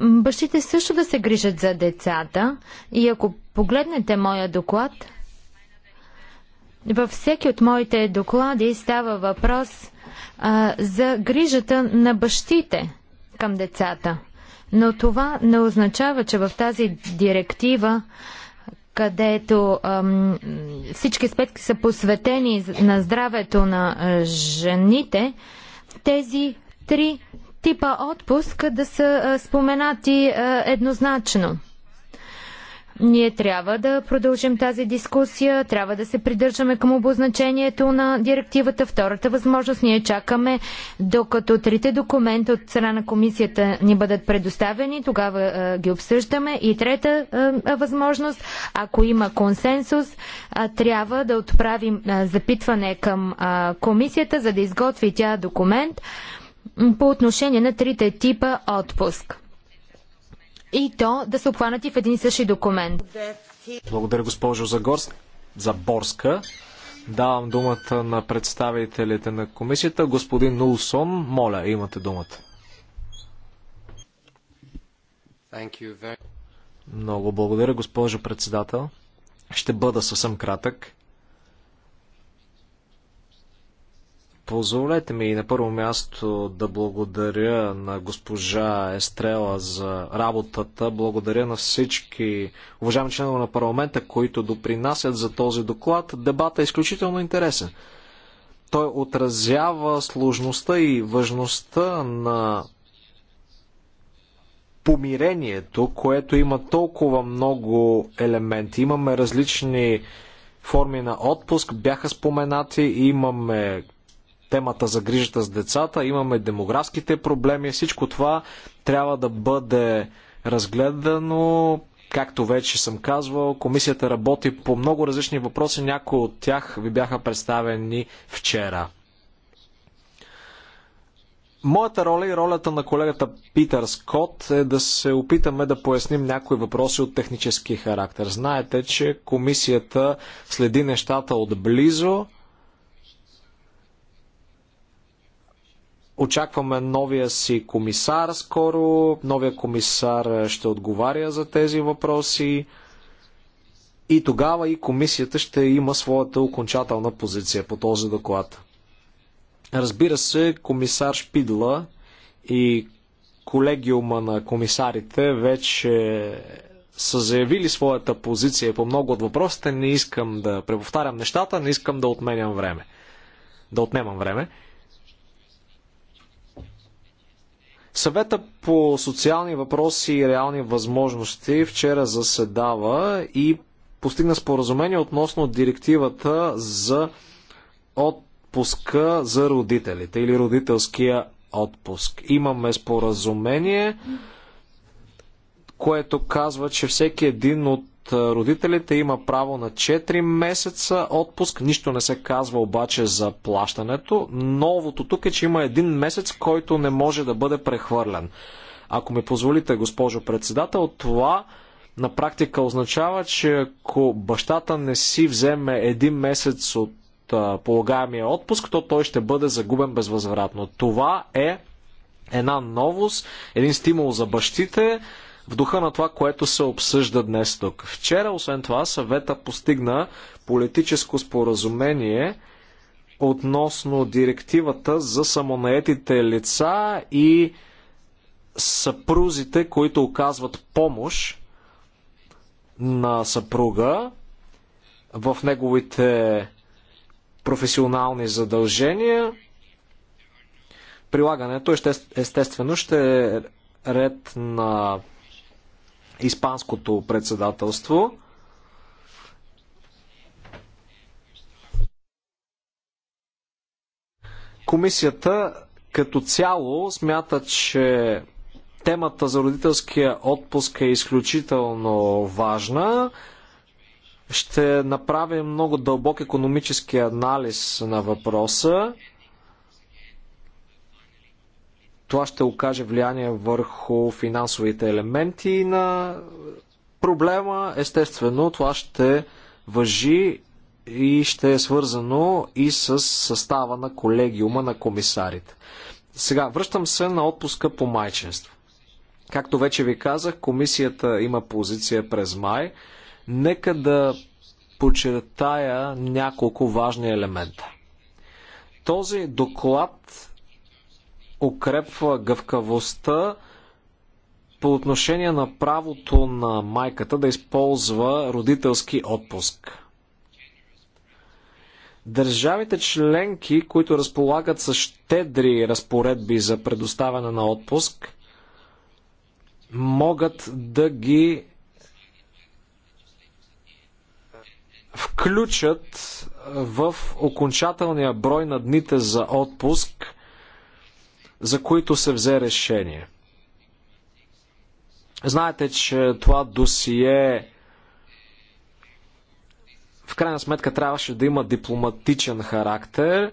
бащите също да се грижат за децата и ако погледнете моя доклад, във всеки от моите доклади става въпрос а, за грижата на бащите към децата. Но това не означава, че в тази директива където ам, всички спетки са посветени на здравето на жените, тези три типа отпуск да са а, споменати а, еднозначно. Ние трябва да продължим тази дискусия, трябва да се придържаме към обозначението на директивата. Втората възможност ние чакаме докато трите документа от страна на комисията ни бъдат предоставени, тогава а, ги обсъждаме. И трета а, възможност, ако има консенсус, а, трябва да отправим а, запитване към а, комисията, за да изготви тя документ по отношение на трите типа отпуск и то да са обхванати в един и същи документ. Благодаря госпожо Загорс... Заборска. Давам думата на представителите на комисията. Господин Нулсон, моля, имате думата. Много благодаря, госпожо председател. Ще бъда съвсем кратък. Позволете ми на първо място да благодаря на госпожа Естрела за работата. Благодаря на всички уважаеми членове на парламента, които допринасят за този доклад. Дебата е изключително интересен. Той отразява сложността и важността на помирението, което има толкова много елементи. Имаме различни форми на отпуск, бяха споменати, имаме темата за грижата с децата, имаме демографските проблеми, всичко това трябва да бъде разгледано. Както вече съм казвал, комисията работи по много различни въпроси, някои от тях ви бяха представени вчера. Моята роля и ролята на колегата Питър Скот е да се опитаме да поясним някои въпроси от технически характер. Знаете, че комисията следи нещата отблизо, Очакваме новия си комисар скоро. Новия комисар ще отговаря за тези въпроси. И тогава и комисията ще има своята окончателна позиция по този доклад. Разбира се, комисар Шпидла и колегиума на комисарите вече са заявили своята позиция по много от въпросите. Не искам да преповтарям нещата, не искам да отменям време. Да отнемам време. Съвета по социални въпроси и реални възможности вчера заседава и постигна споразумение относно директивата за отпуска за родителите или родителския отпуск. Имаме споразумение, което казва, че всеки един от родителите има право на 4 месеца отпуск. Нищо не се казва обаче за плащането. Новото тук е, че има един месец, който не може да бъде прехвърлен. Ако ми позволите, госпожо председател, това на практика означава, че ако бащата не си вземе един месец от полагаемия отпуск, то той ще бъде загубен безвъзвратно. Това е една новост, един стимул за бащите в духа на това, което се обсъжда днес тук. Вчера, освен това, съвета постигна политическо споразумение относно директивата за самонаетите лица и съпрузите, които оказват помощ на съпруга в неговите професионални задължения. Прилагането естествено ще е ред на Испанското председателство. Комисията като цяло смята, че темата за родителския отпуск е изключително важна. Ще направим много дълбок економически анализ на въпроса. Това ще окаже влияние върху финансовите елементи на проблема. Естествено, това ще въжи и ще е свързано и с състава на колегиума на комисарите. Сега, връщам се на отпуска по майчинство. Както вече ви казах, комисията има позиция през май. Нека да подчертая няколко важни елемента. Този доклад укрепва гъвкавостта по отношение на правото на майката да използва родителски отпуск. Държавите членки, които разполагат с щедри разпоредби за предоставяне на отпуск, могат да ги включат в окончателния брой на дните за отпуск за които се взе решение. Знаете, че това досие в крайна сметка трябваше да има дипломатичен характер.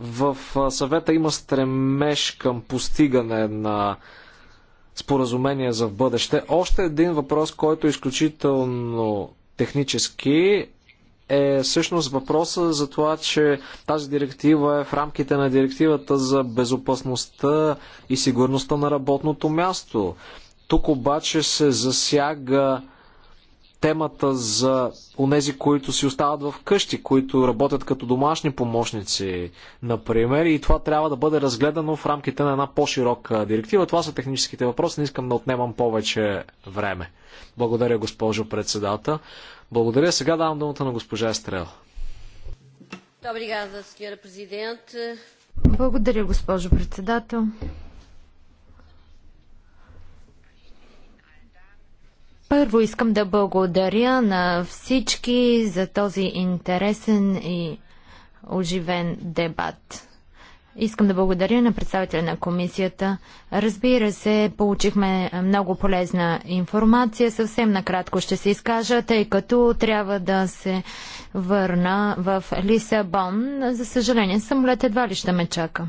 В съвета има стремеж към постигане на споразумение за в бъдеще. Още един въпрос, който е изключително технически е всъщност въпроса за това, че тази директива е в рамките на директивата за безопасността и сигурността на работното място. Тук обаче се засяга темата за онези, които си остават в къщи, които работят като домашни помощници, например, и това трябва да бъде разгледано в рамките на една по-широка директива. Това са техническите въпроси, не искам да отнемам повече време. Благодаря, госпожо председател. Благодаря. Сега давам думата на госпожа Стрел. Благодаря, госпожо председател. Първо искам да благодаря на всички за този интересен и оживен дебат. Искам да благодаря на представителя на комисията. Разбира се, получихме много полезна информация. Съвсем накратко ще се изкажа, тъй като трябва да се върна в Лисабон. За съжаление, самолет едва ли ще ме чака.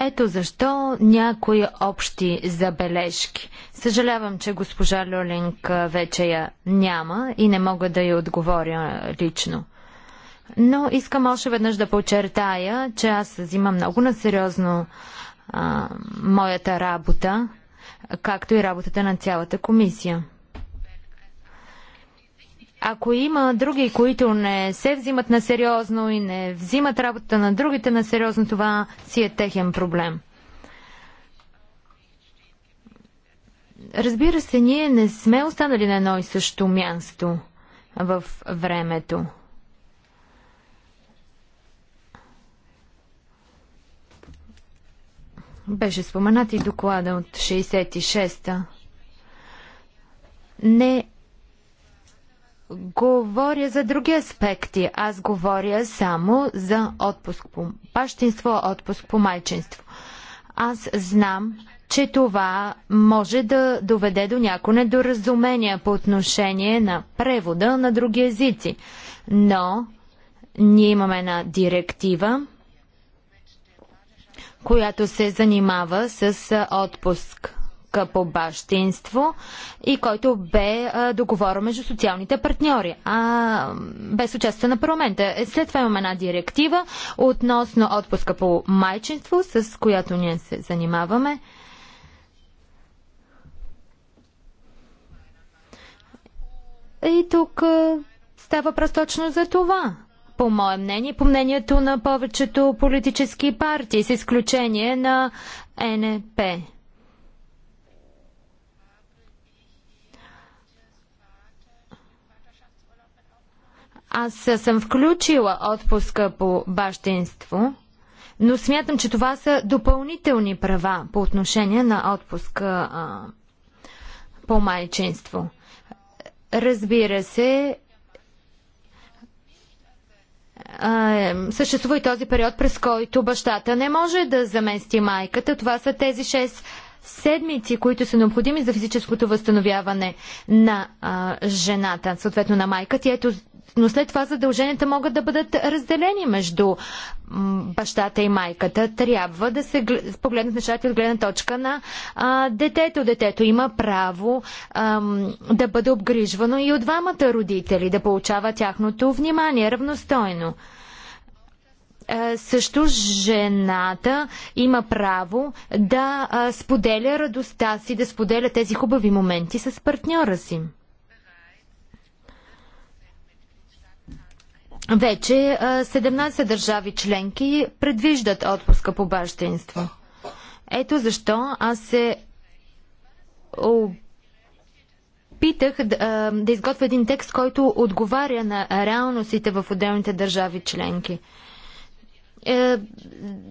Ето защо някои общи забележки. Съжалявам, че госпожа Люлинг вече я няма и не мога да я отговоря лично. Но искам още веднъж да подчертая, че аз взимам много на сериозно моята работа, както и работата на цялата комисия. Ако има други, които не се взимат на сериозно и не взимат работата на другите на сериозно, това си е техен проблем. Разбира се, ние не сме останали на едно и също място в времето. Беше споменат и доклада от 66-та. Не говоря за други аспекти. Аз говоря само за отпуск по бащинство, отпуск по майчинство. Аз знам, че това може да доведе до някои недоразумения по отношение на превода на други езици. Но ние имаме една директива, която се занимава с отпуск по бащинство и който бе договора между социалните партньори, а без участие на парламента. Е, след това имаме една директива относно отпуска по майчинство, с която ние се занимаваме. И тук става въпрос точно за това по мое мнение, по мнението на повечето политически партии, с изключение на НП. Аз съм включила отпуска по бащинство, но смятам, че това са допълнителни права по отношение на отпуска а, по майчинство. Разбира се, съществува и този период, през който бащата не може да замести майката. Това са тези 6 седмици, които са необходими за физическото възстановяване на а, жената, съответно на майката. И ето но след това задълженията могат да бъдат разделени между бащата и майката. Трябва да се погледнат нещата от гледна точка на а, детето. Детето има право а, да бъде обгрижвано и от двамата родители, да получава тяхното внимание равностойно също жената има право да споделя радостта си, да споделя тези хубави моменти с партньора си. Вече 17 държави членки предвиждат отпуска по бащинство. Ето защо аз се питах да, да изготвя един текст, който отговаря на реалностите в отделните държави членки. Е,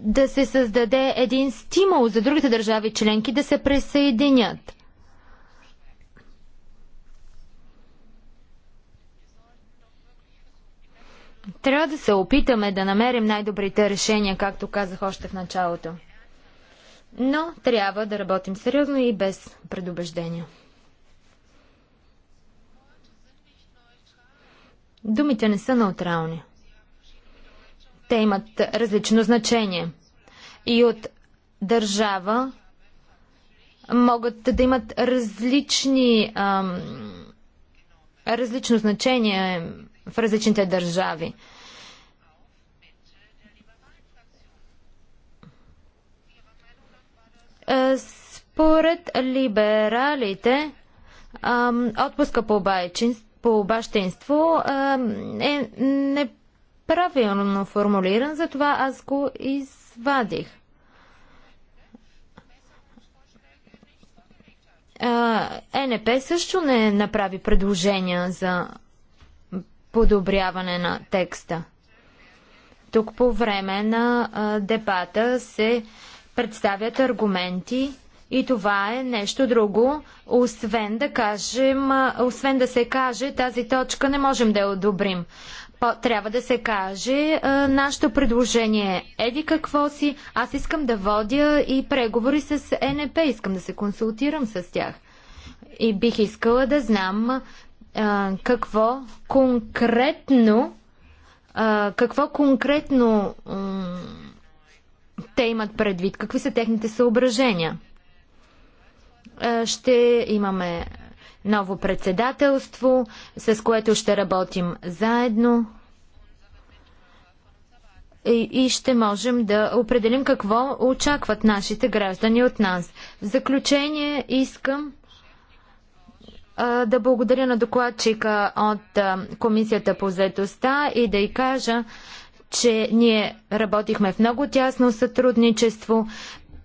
да се създаде един стимул за другите държави членки да се присъединят. Трябва да се опитаме да намерим най-добрите решения, както казах още в началото. Но трябва да работим сериозно и без предубеждения. Думите не са неутрални. Те имат различно значение. И от държава могат да имат различни, ам, различно значение в различните държави. Е, според либералите, отпуска по, по бащинство е неправилно формулиран, затова аз го извадих. ЕНП е също не направи предложения за подобряване на текста. Тук по време на а, дебата се представят аргументи и това е нещо друго, освен да кажем, освен да се каже тази точка не можем да я одобрим. По, трябва да се каже а, нашето предложение еди какво си. Аз искам да водя и преговори с НП, искам да се консултирам с тях. И бих искала да знам какво конкретно а, какво конкретно те имат предвид? Какви са техните съображения? А, ще имаме ново председателство, с което ще работим заедно и, и ще можем да определим какво очакват нашите граждани от нас. В заключение искам да благодаря на докладчика от Комисията по заедостта и да й кажа, че ние работихме в много тясно сътрудничество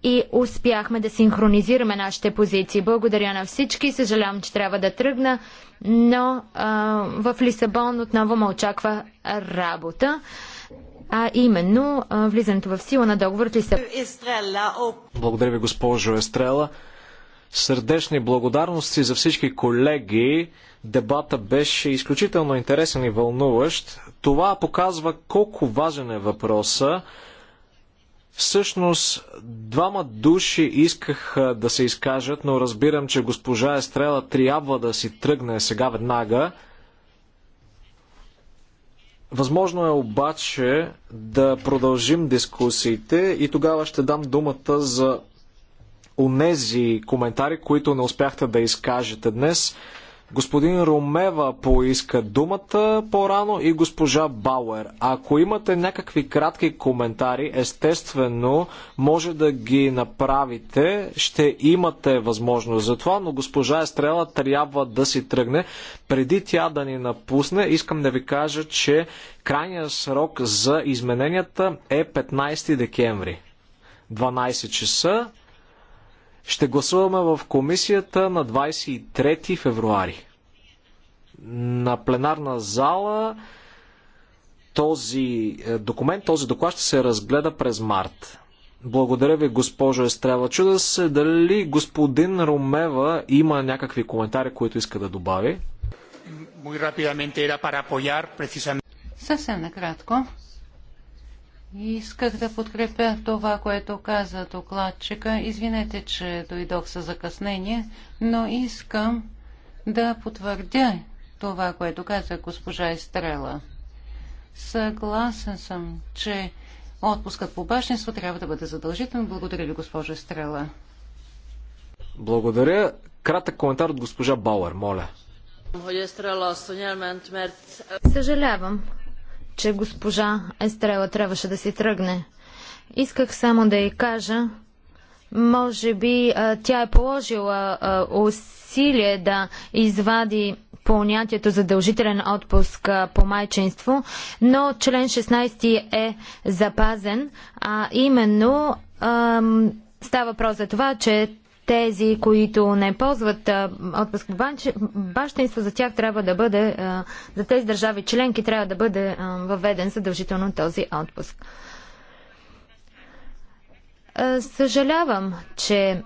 и успяхме да синхронизираме нашите позиции. Благодаря на всички. Съжалявам, че трябва да тръгна, но а, в Лисабон отново ме очаква работа. А именно а, влизането в сила на договор Лисабон. Благодаря ви, госпожо Естрела сърдечни благодарности за всички колеги. Дебата беше изключително интересен и вълнуващ. Това показва колко важен е въпроса. Всъщност, двама души исках да се изкажат, но разбирам, че госпожа Естрела трябва да си тръгне сега веднага. Възможно е обаче да продължим дискусиите и тогава ще дам думата за онези коментари, които не успяхте да изкажете днес. Господин Ромева поиска думата по-рано и госпожа Бауер. Ако имате някакви кратки коментари, естествено, може да ги направите. Ще имате възможност за това, но госпожа Естрела трябва да си тръгне. Преди тя да ни напусне, искам да ви кажа, че крайният срок за измененията е 15 декември. 12 часа. Ще гласуваме в комисията на 23 февруари. На пленарна зала този е, документ, този доклад ще се разгледа през март. Благодаря ви, госпожо Естрела. Чуда се дали господин Ромева има някакви коментари, които иска да добави. Съвсем накратко. Исках да подкрепя това, което каза докладчика. Извинете, че дойдох със закъснение, но искам да потвърдя това, което каза госпожа Естрела. Съгласен съм, че отпускът по бащинство трябва да бъде задължителен. Благодаря ви, госпожа Естрела. Благодаря. Кратък коментар от госпожа Бауер, моля. Съжалявам, че госпожа Естрела трябваше да си тръгне. Исках само да й кажа, може би а, тя е положила а, усилие да извади понятието задължителен отпуск а, по майчинство, но член 16 е запазен, а именно става въпрос за това, че тези, които не ползват отпуск бащинство, за тях трябва да бъде, за тези държави членки трябва да бъде въведен задължително този отпуск. Съжалявам, че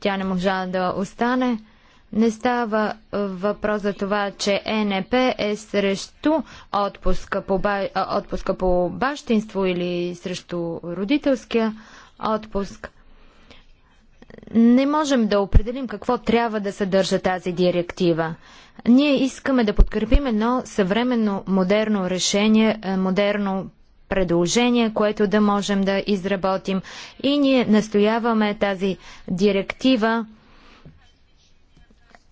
тя не можа да остане. Не става въпрос за това, че е НП е срещу отпуска по, ба... отпуска по бащинство или срещу родителския отпуск не можем да определим какво трябва да съдържа тази директива. Ние искаме да подкрепим едно съвременно модерно решение, е, модерно предложение, което да можем да изработим. И ние настояваме тази директива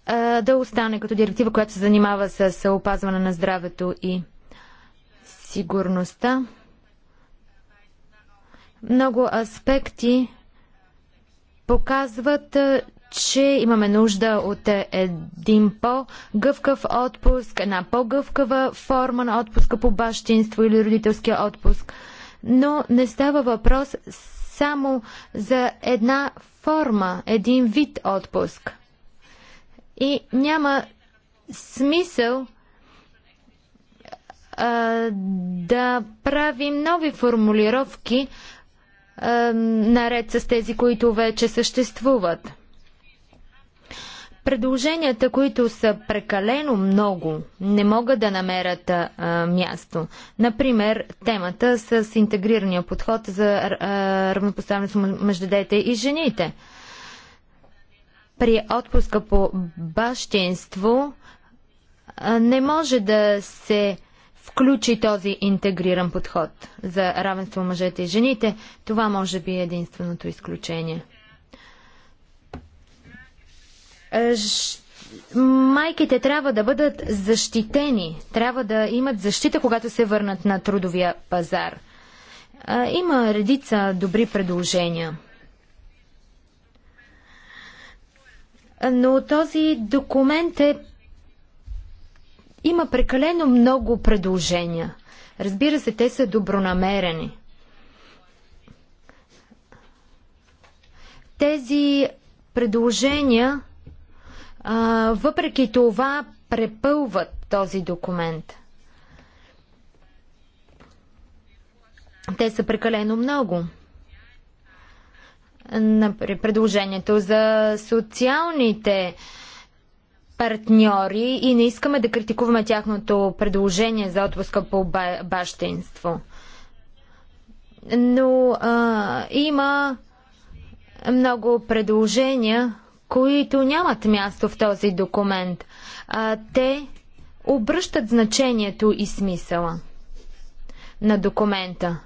е, да остане като директива, която се занимава с опазване на здравето и сигурността. Много аспекти показват, че имаме нужда от един по-гъвкав отпуск, една по-гъвкава форма на отпуска по бащинство или родителския отпуск. Но не става въпрос само за една форма, един вид отпуск. И няма смисъл а, да правим нови формулировки наред с тези, които вече съществуват. Предложенията, които са прекалено много, не могат да намерят а, място. Например, темата с интегрирания подход за равнопоставеност между дете и жените. При отпуска по бащинство а, не може да се включи този интегриран подход за равенство мъжете и жените, това може би е единственото изключение. Е, майките трябва да бъдат защитени, трябва да имат защита, когато се върнат на трудовия пазар. Е, има редица добри предложения. Е, но този документ е има прекалено много предложения. Разбира се, те са добронамерени. Тези предложения, а, въпреки това, препълват този документ. Те са прекалено много. предложението за социалните а, партньори и не искаме да критикуваме тяхното предложение за отпуска по бащинство. Но а, има много предложения, които нямат място в този документ. А, те обръщат значението и смисъла на документа.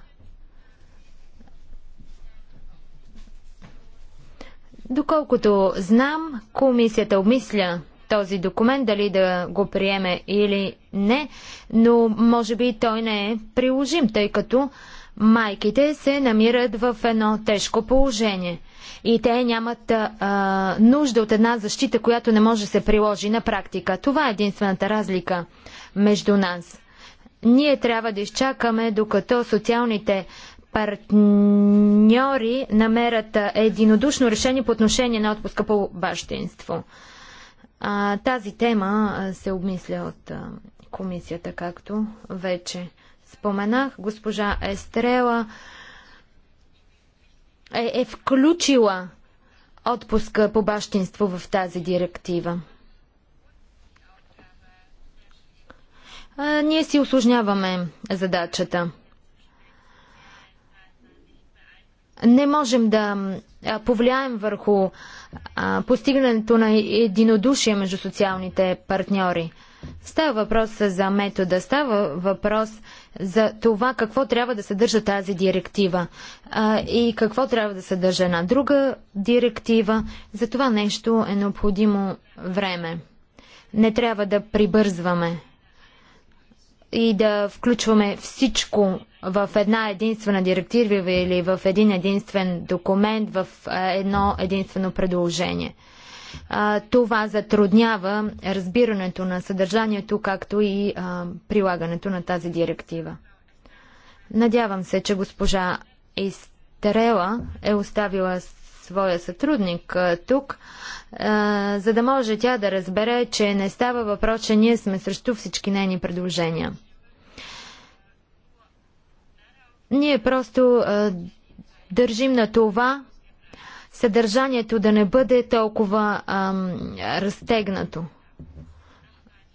Доколкото знам, комисията обмисля този документ, дали да го приеме или не, но може би той не е приложим, тъй като майките се намират в едно тежко положение. И те нямат а, нужда от една защита, която не може да се приложи на практика. Това е единствената разлика между нас. Ние трябва да изчакаме, докато социалните партньори намерят единодушно решение по отношение на отпуска по бащинство. А, тази тема се обмисля от комисията, както вече споменах. Госпожа Естрела е, е включила отпуска по бащинство в тази директива. А, ние си осложняваме задачата. Не можем да повлияем върху постигането на единодушие между социалните партньори. Става въпрос за метода, става въпрос за това какво трябва да съдържа тази директива а, и какво трябва да съдържа една друга директива. За това нещо е необходимо време. Не трябва да прибързваме и да включваме всичко в една единствена директива или в един единствен документ, в едно единствено предложение. Това затруднява разбирането на съдържанието, както и прилагането на тази директива. Надявам се, че госпожа Истрела е оставила своя сътрудник тук, за да може тя да разбере, че не става въпрос, че ние сме срещу всички нейни предложения. Ние просто държим на това съдържанието да не бъде толкова разтегнато.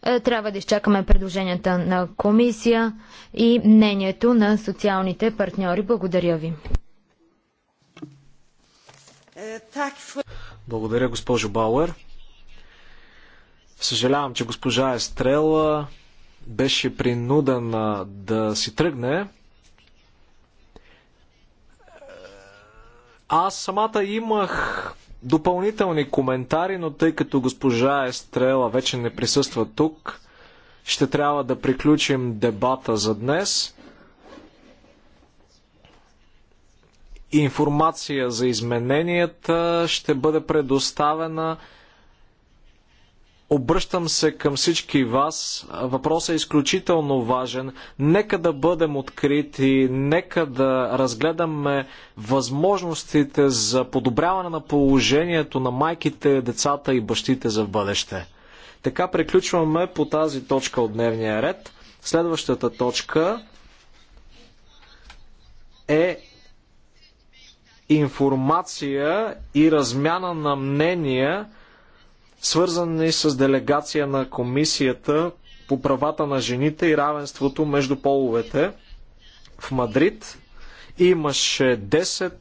Е, трябва да изчакаме предложенията на комисия и мнението на социалните партньори. Благодаря ви. Благодаря, госпожо Бауер. Съжалявам, че госпожа Естрела беше принудена да си тръгне. Аз самата имах допълнителни коментари, но тъй като госпожа Естрела вече не присъства тук, ще трябва да приключим дебата за днес. информация за измененията ще бъде предоставена. Обръщам се към всички вас. Въпросът е изключително важен. Нека да бъдем открити, нека да разгледаме възможностите за подобряване на положението на майките, децата и бащите за бъдеще. Така приключваме по тази точка от дневния ред. Следващата точка е информация и размяна на мнения, свързани с делегация на комисията по правата на жените и равенството между половете в Мадрид. Имаше 10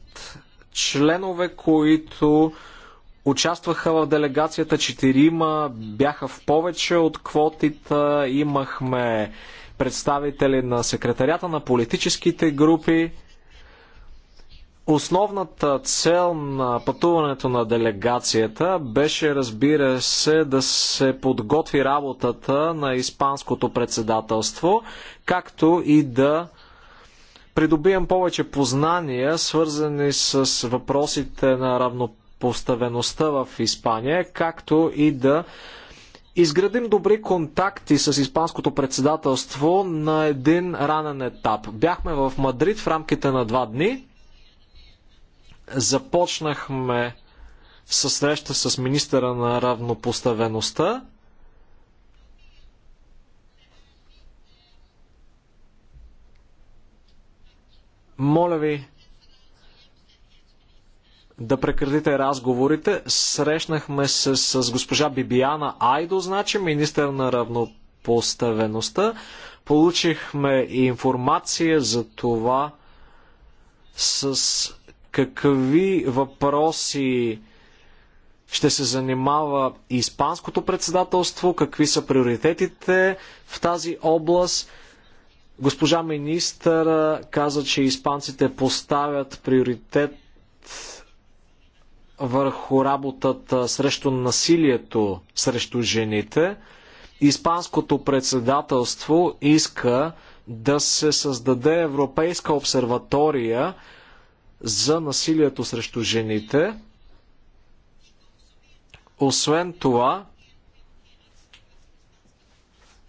членове, които участваха в делегацията, четирима бяха в повече от квотите, имахме представители на секретарята на политическите групи. Основната цел на пътуването на делегацията беше, разбира се, да се подготви работата на Испанското председателство, както и да придобием повече познания, свързани с въпросите на равнопоставеността в Испания, както и да изградим добри контакти с Испанското председателство на един ранен етап. Бяхме в Мадрид в рамките на два дни започнахме с среща с министъра на равнопоставеността. Моля ви да прекратите разговорите. Срещнахме се с госпожа Бибияна Айдо, значи министър на равнопоставеността. Получихме информация за това с какви въпроси ще се занимава и Испанското председателство, какви са приоритетите в тази област. Госпожа министър каза, че испанците поставят приоритет върху работата срещу насилието срещу жените. Испанското председателство иска да се създаде Европейска обсерватория за насилието срещу жените. Освен това,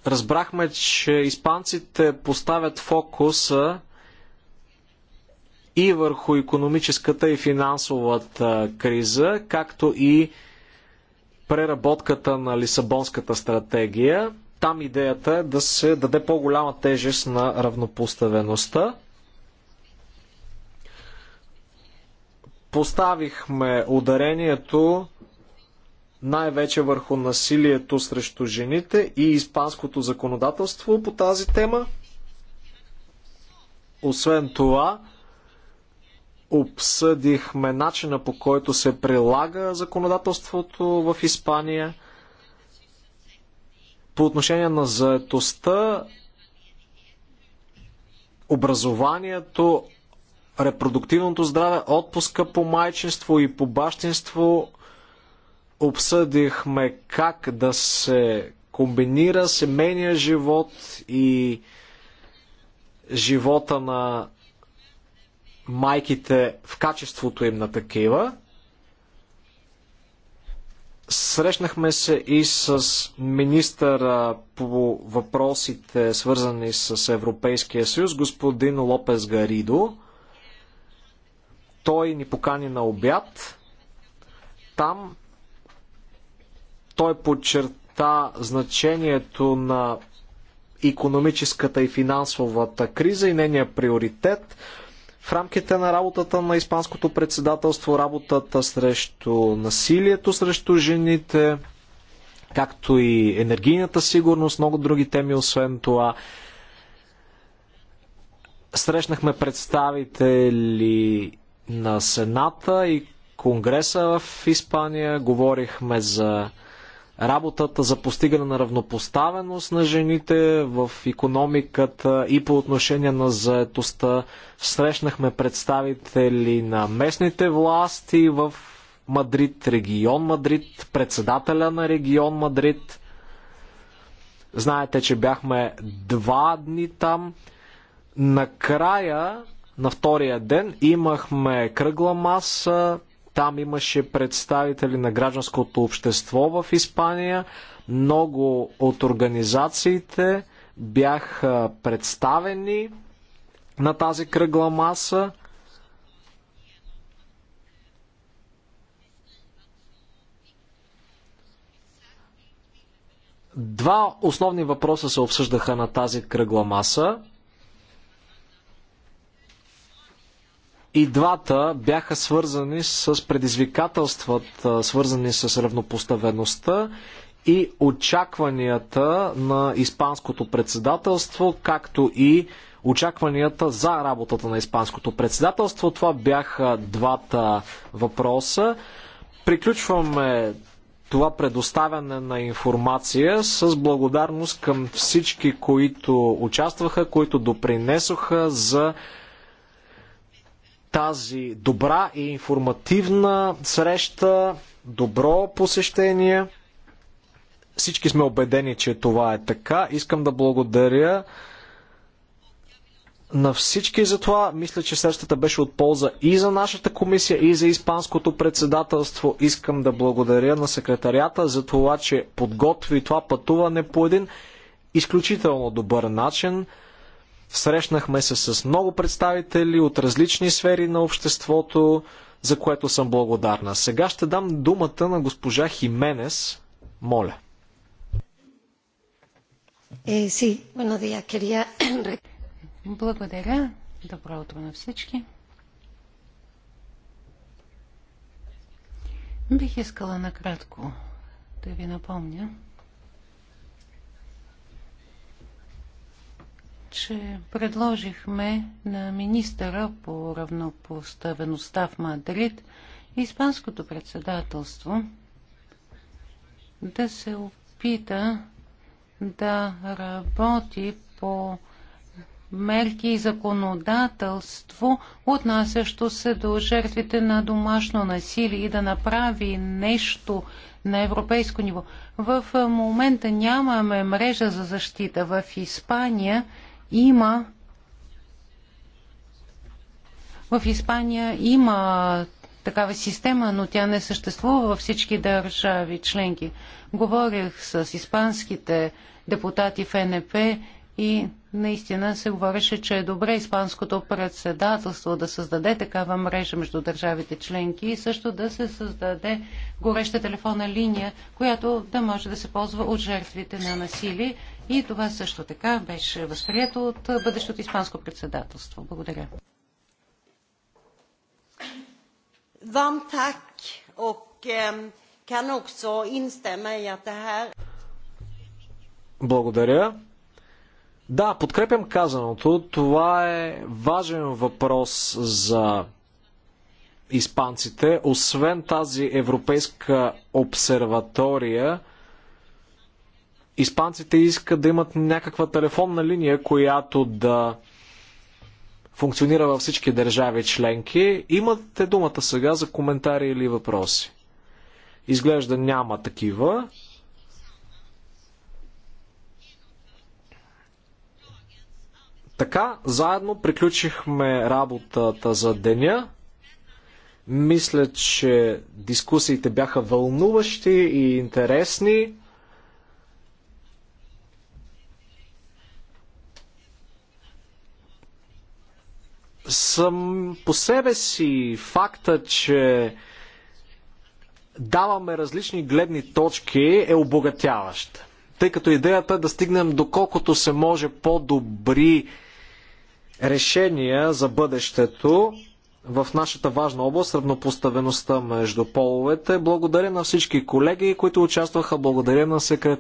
разбрахме, че испанците поставят фокуса и върху економическата и финансовата криза, както и преработката на Лисабонската стратегия. Там идеята е да се даде по-голяма тежест на равнопоставеността. Поставихме ударението най-вече върху насилието срещу жените и испанското законодателство по тази тема. Освен това, обсъдихме начина по който се прилага законодателството в Испания. По отношение на заетостта, образованието, репродуктивното здраве, отпуска по майчинство и по бащинство. Обсъдихме как да се комбинира семейния живот и живота на майките в качеството им на такива. Срещнахме се и с министъра по въпросите, свързани с Европейския съюз, господин Лопес Гаридо. Той ни покани на обяд. Там той подчерта значението на економическата и финансовата криза и нейния приоритет. В рамките на работата на Испанското председателство, работата срещу насилието срещу жените, както и енергийната сигурност, много други теми, освен това. Срещнахме представители на Сената и Конгреса в Испания. Говорихме за работата за постигане на равнопоставеност на жените в економиката и по отношение на заетостта. Срещнахме представители на местните власти в Мадрид, регион Мадрид, председателя на регион Мадрид. Знаете, че бяхме два дни там. Накрая на втория ден имахме кръгла маса, там имаше представители на гражданското общество в Испания. Много от организациите бяха представени на тази кръгла маса. Два основни въпроса се обсъждаха на тази кръгла маса. и двата бяха свързани с предизвикателствата, свързани с равнопоставеността и очакванията на Испанското председателство, както и очакванията за работата на Испанското председателство. Това бяха двата въпроса. Приключваме това предоставяне на информация с благодарност към всички, които участваха, които допринесоха за тази добра и информативна среща, добро посещение. Всички сме убедени, че това е така. Искам да благодаря на всички за това. Мисля, че срещата беше от полза и за нашата комисия, и за Испанското председателство. Искам да благодаря на секретарията за това, че подготви това пътуване по един изключително добър начин. Срещнахме се с много представители от различни сфери на обществото, за което съм благодарна. Сега ще дам думата на госпожа Хименес. Моля. Е, си, Благодаря. Добро утро на всички. Бих искала накратко да ви напомня, че предложихме на министъра по равнопоставеността в Мадрид Испанското председателство да се опита да работи по мерки и законодателство, отнасящо се до жертвите на домашно насилие и да направи нещо на европейско ниво. В момента нямаме мрежа за защита. В Испания има в Испания има такава система, но тя не съществува във всички държави членки. Говорих с испанските депутати в НП и наистина се говореше, че е добре испанското председателство да създаде такава мрежа между държавите членки и също да се създаде гореща телефонна линия, която да може да се ползва от жертвите на насилие. И това също така беше възприето от бъдещото испанско председателство. Благодаря. Вам так, ок, кан оксо инстема и Благодаря. Да, подкрепям казаното. Това е важен въпрос за испанците. Освен тази европейска обсерватория, испанците искат да имат някаква телефонна линия, която да функционира във всички държави членки. Имате думата сега за коментари или въпроси. Изглежда няма такива. Така, заедно приключихме работата за деня. Мисля, че дискусиите бяха вълнуващи и интересни. Съм по себе си факта, че даваме различни гледни точки е обогатяващ. Тъй като идеята е да стигнем доколкото се може по-добри решения за бъдещето в нашата важна област равнопоставеността между половете. Благодаря на всички колеги, които участваха. Благодаря на секретарията.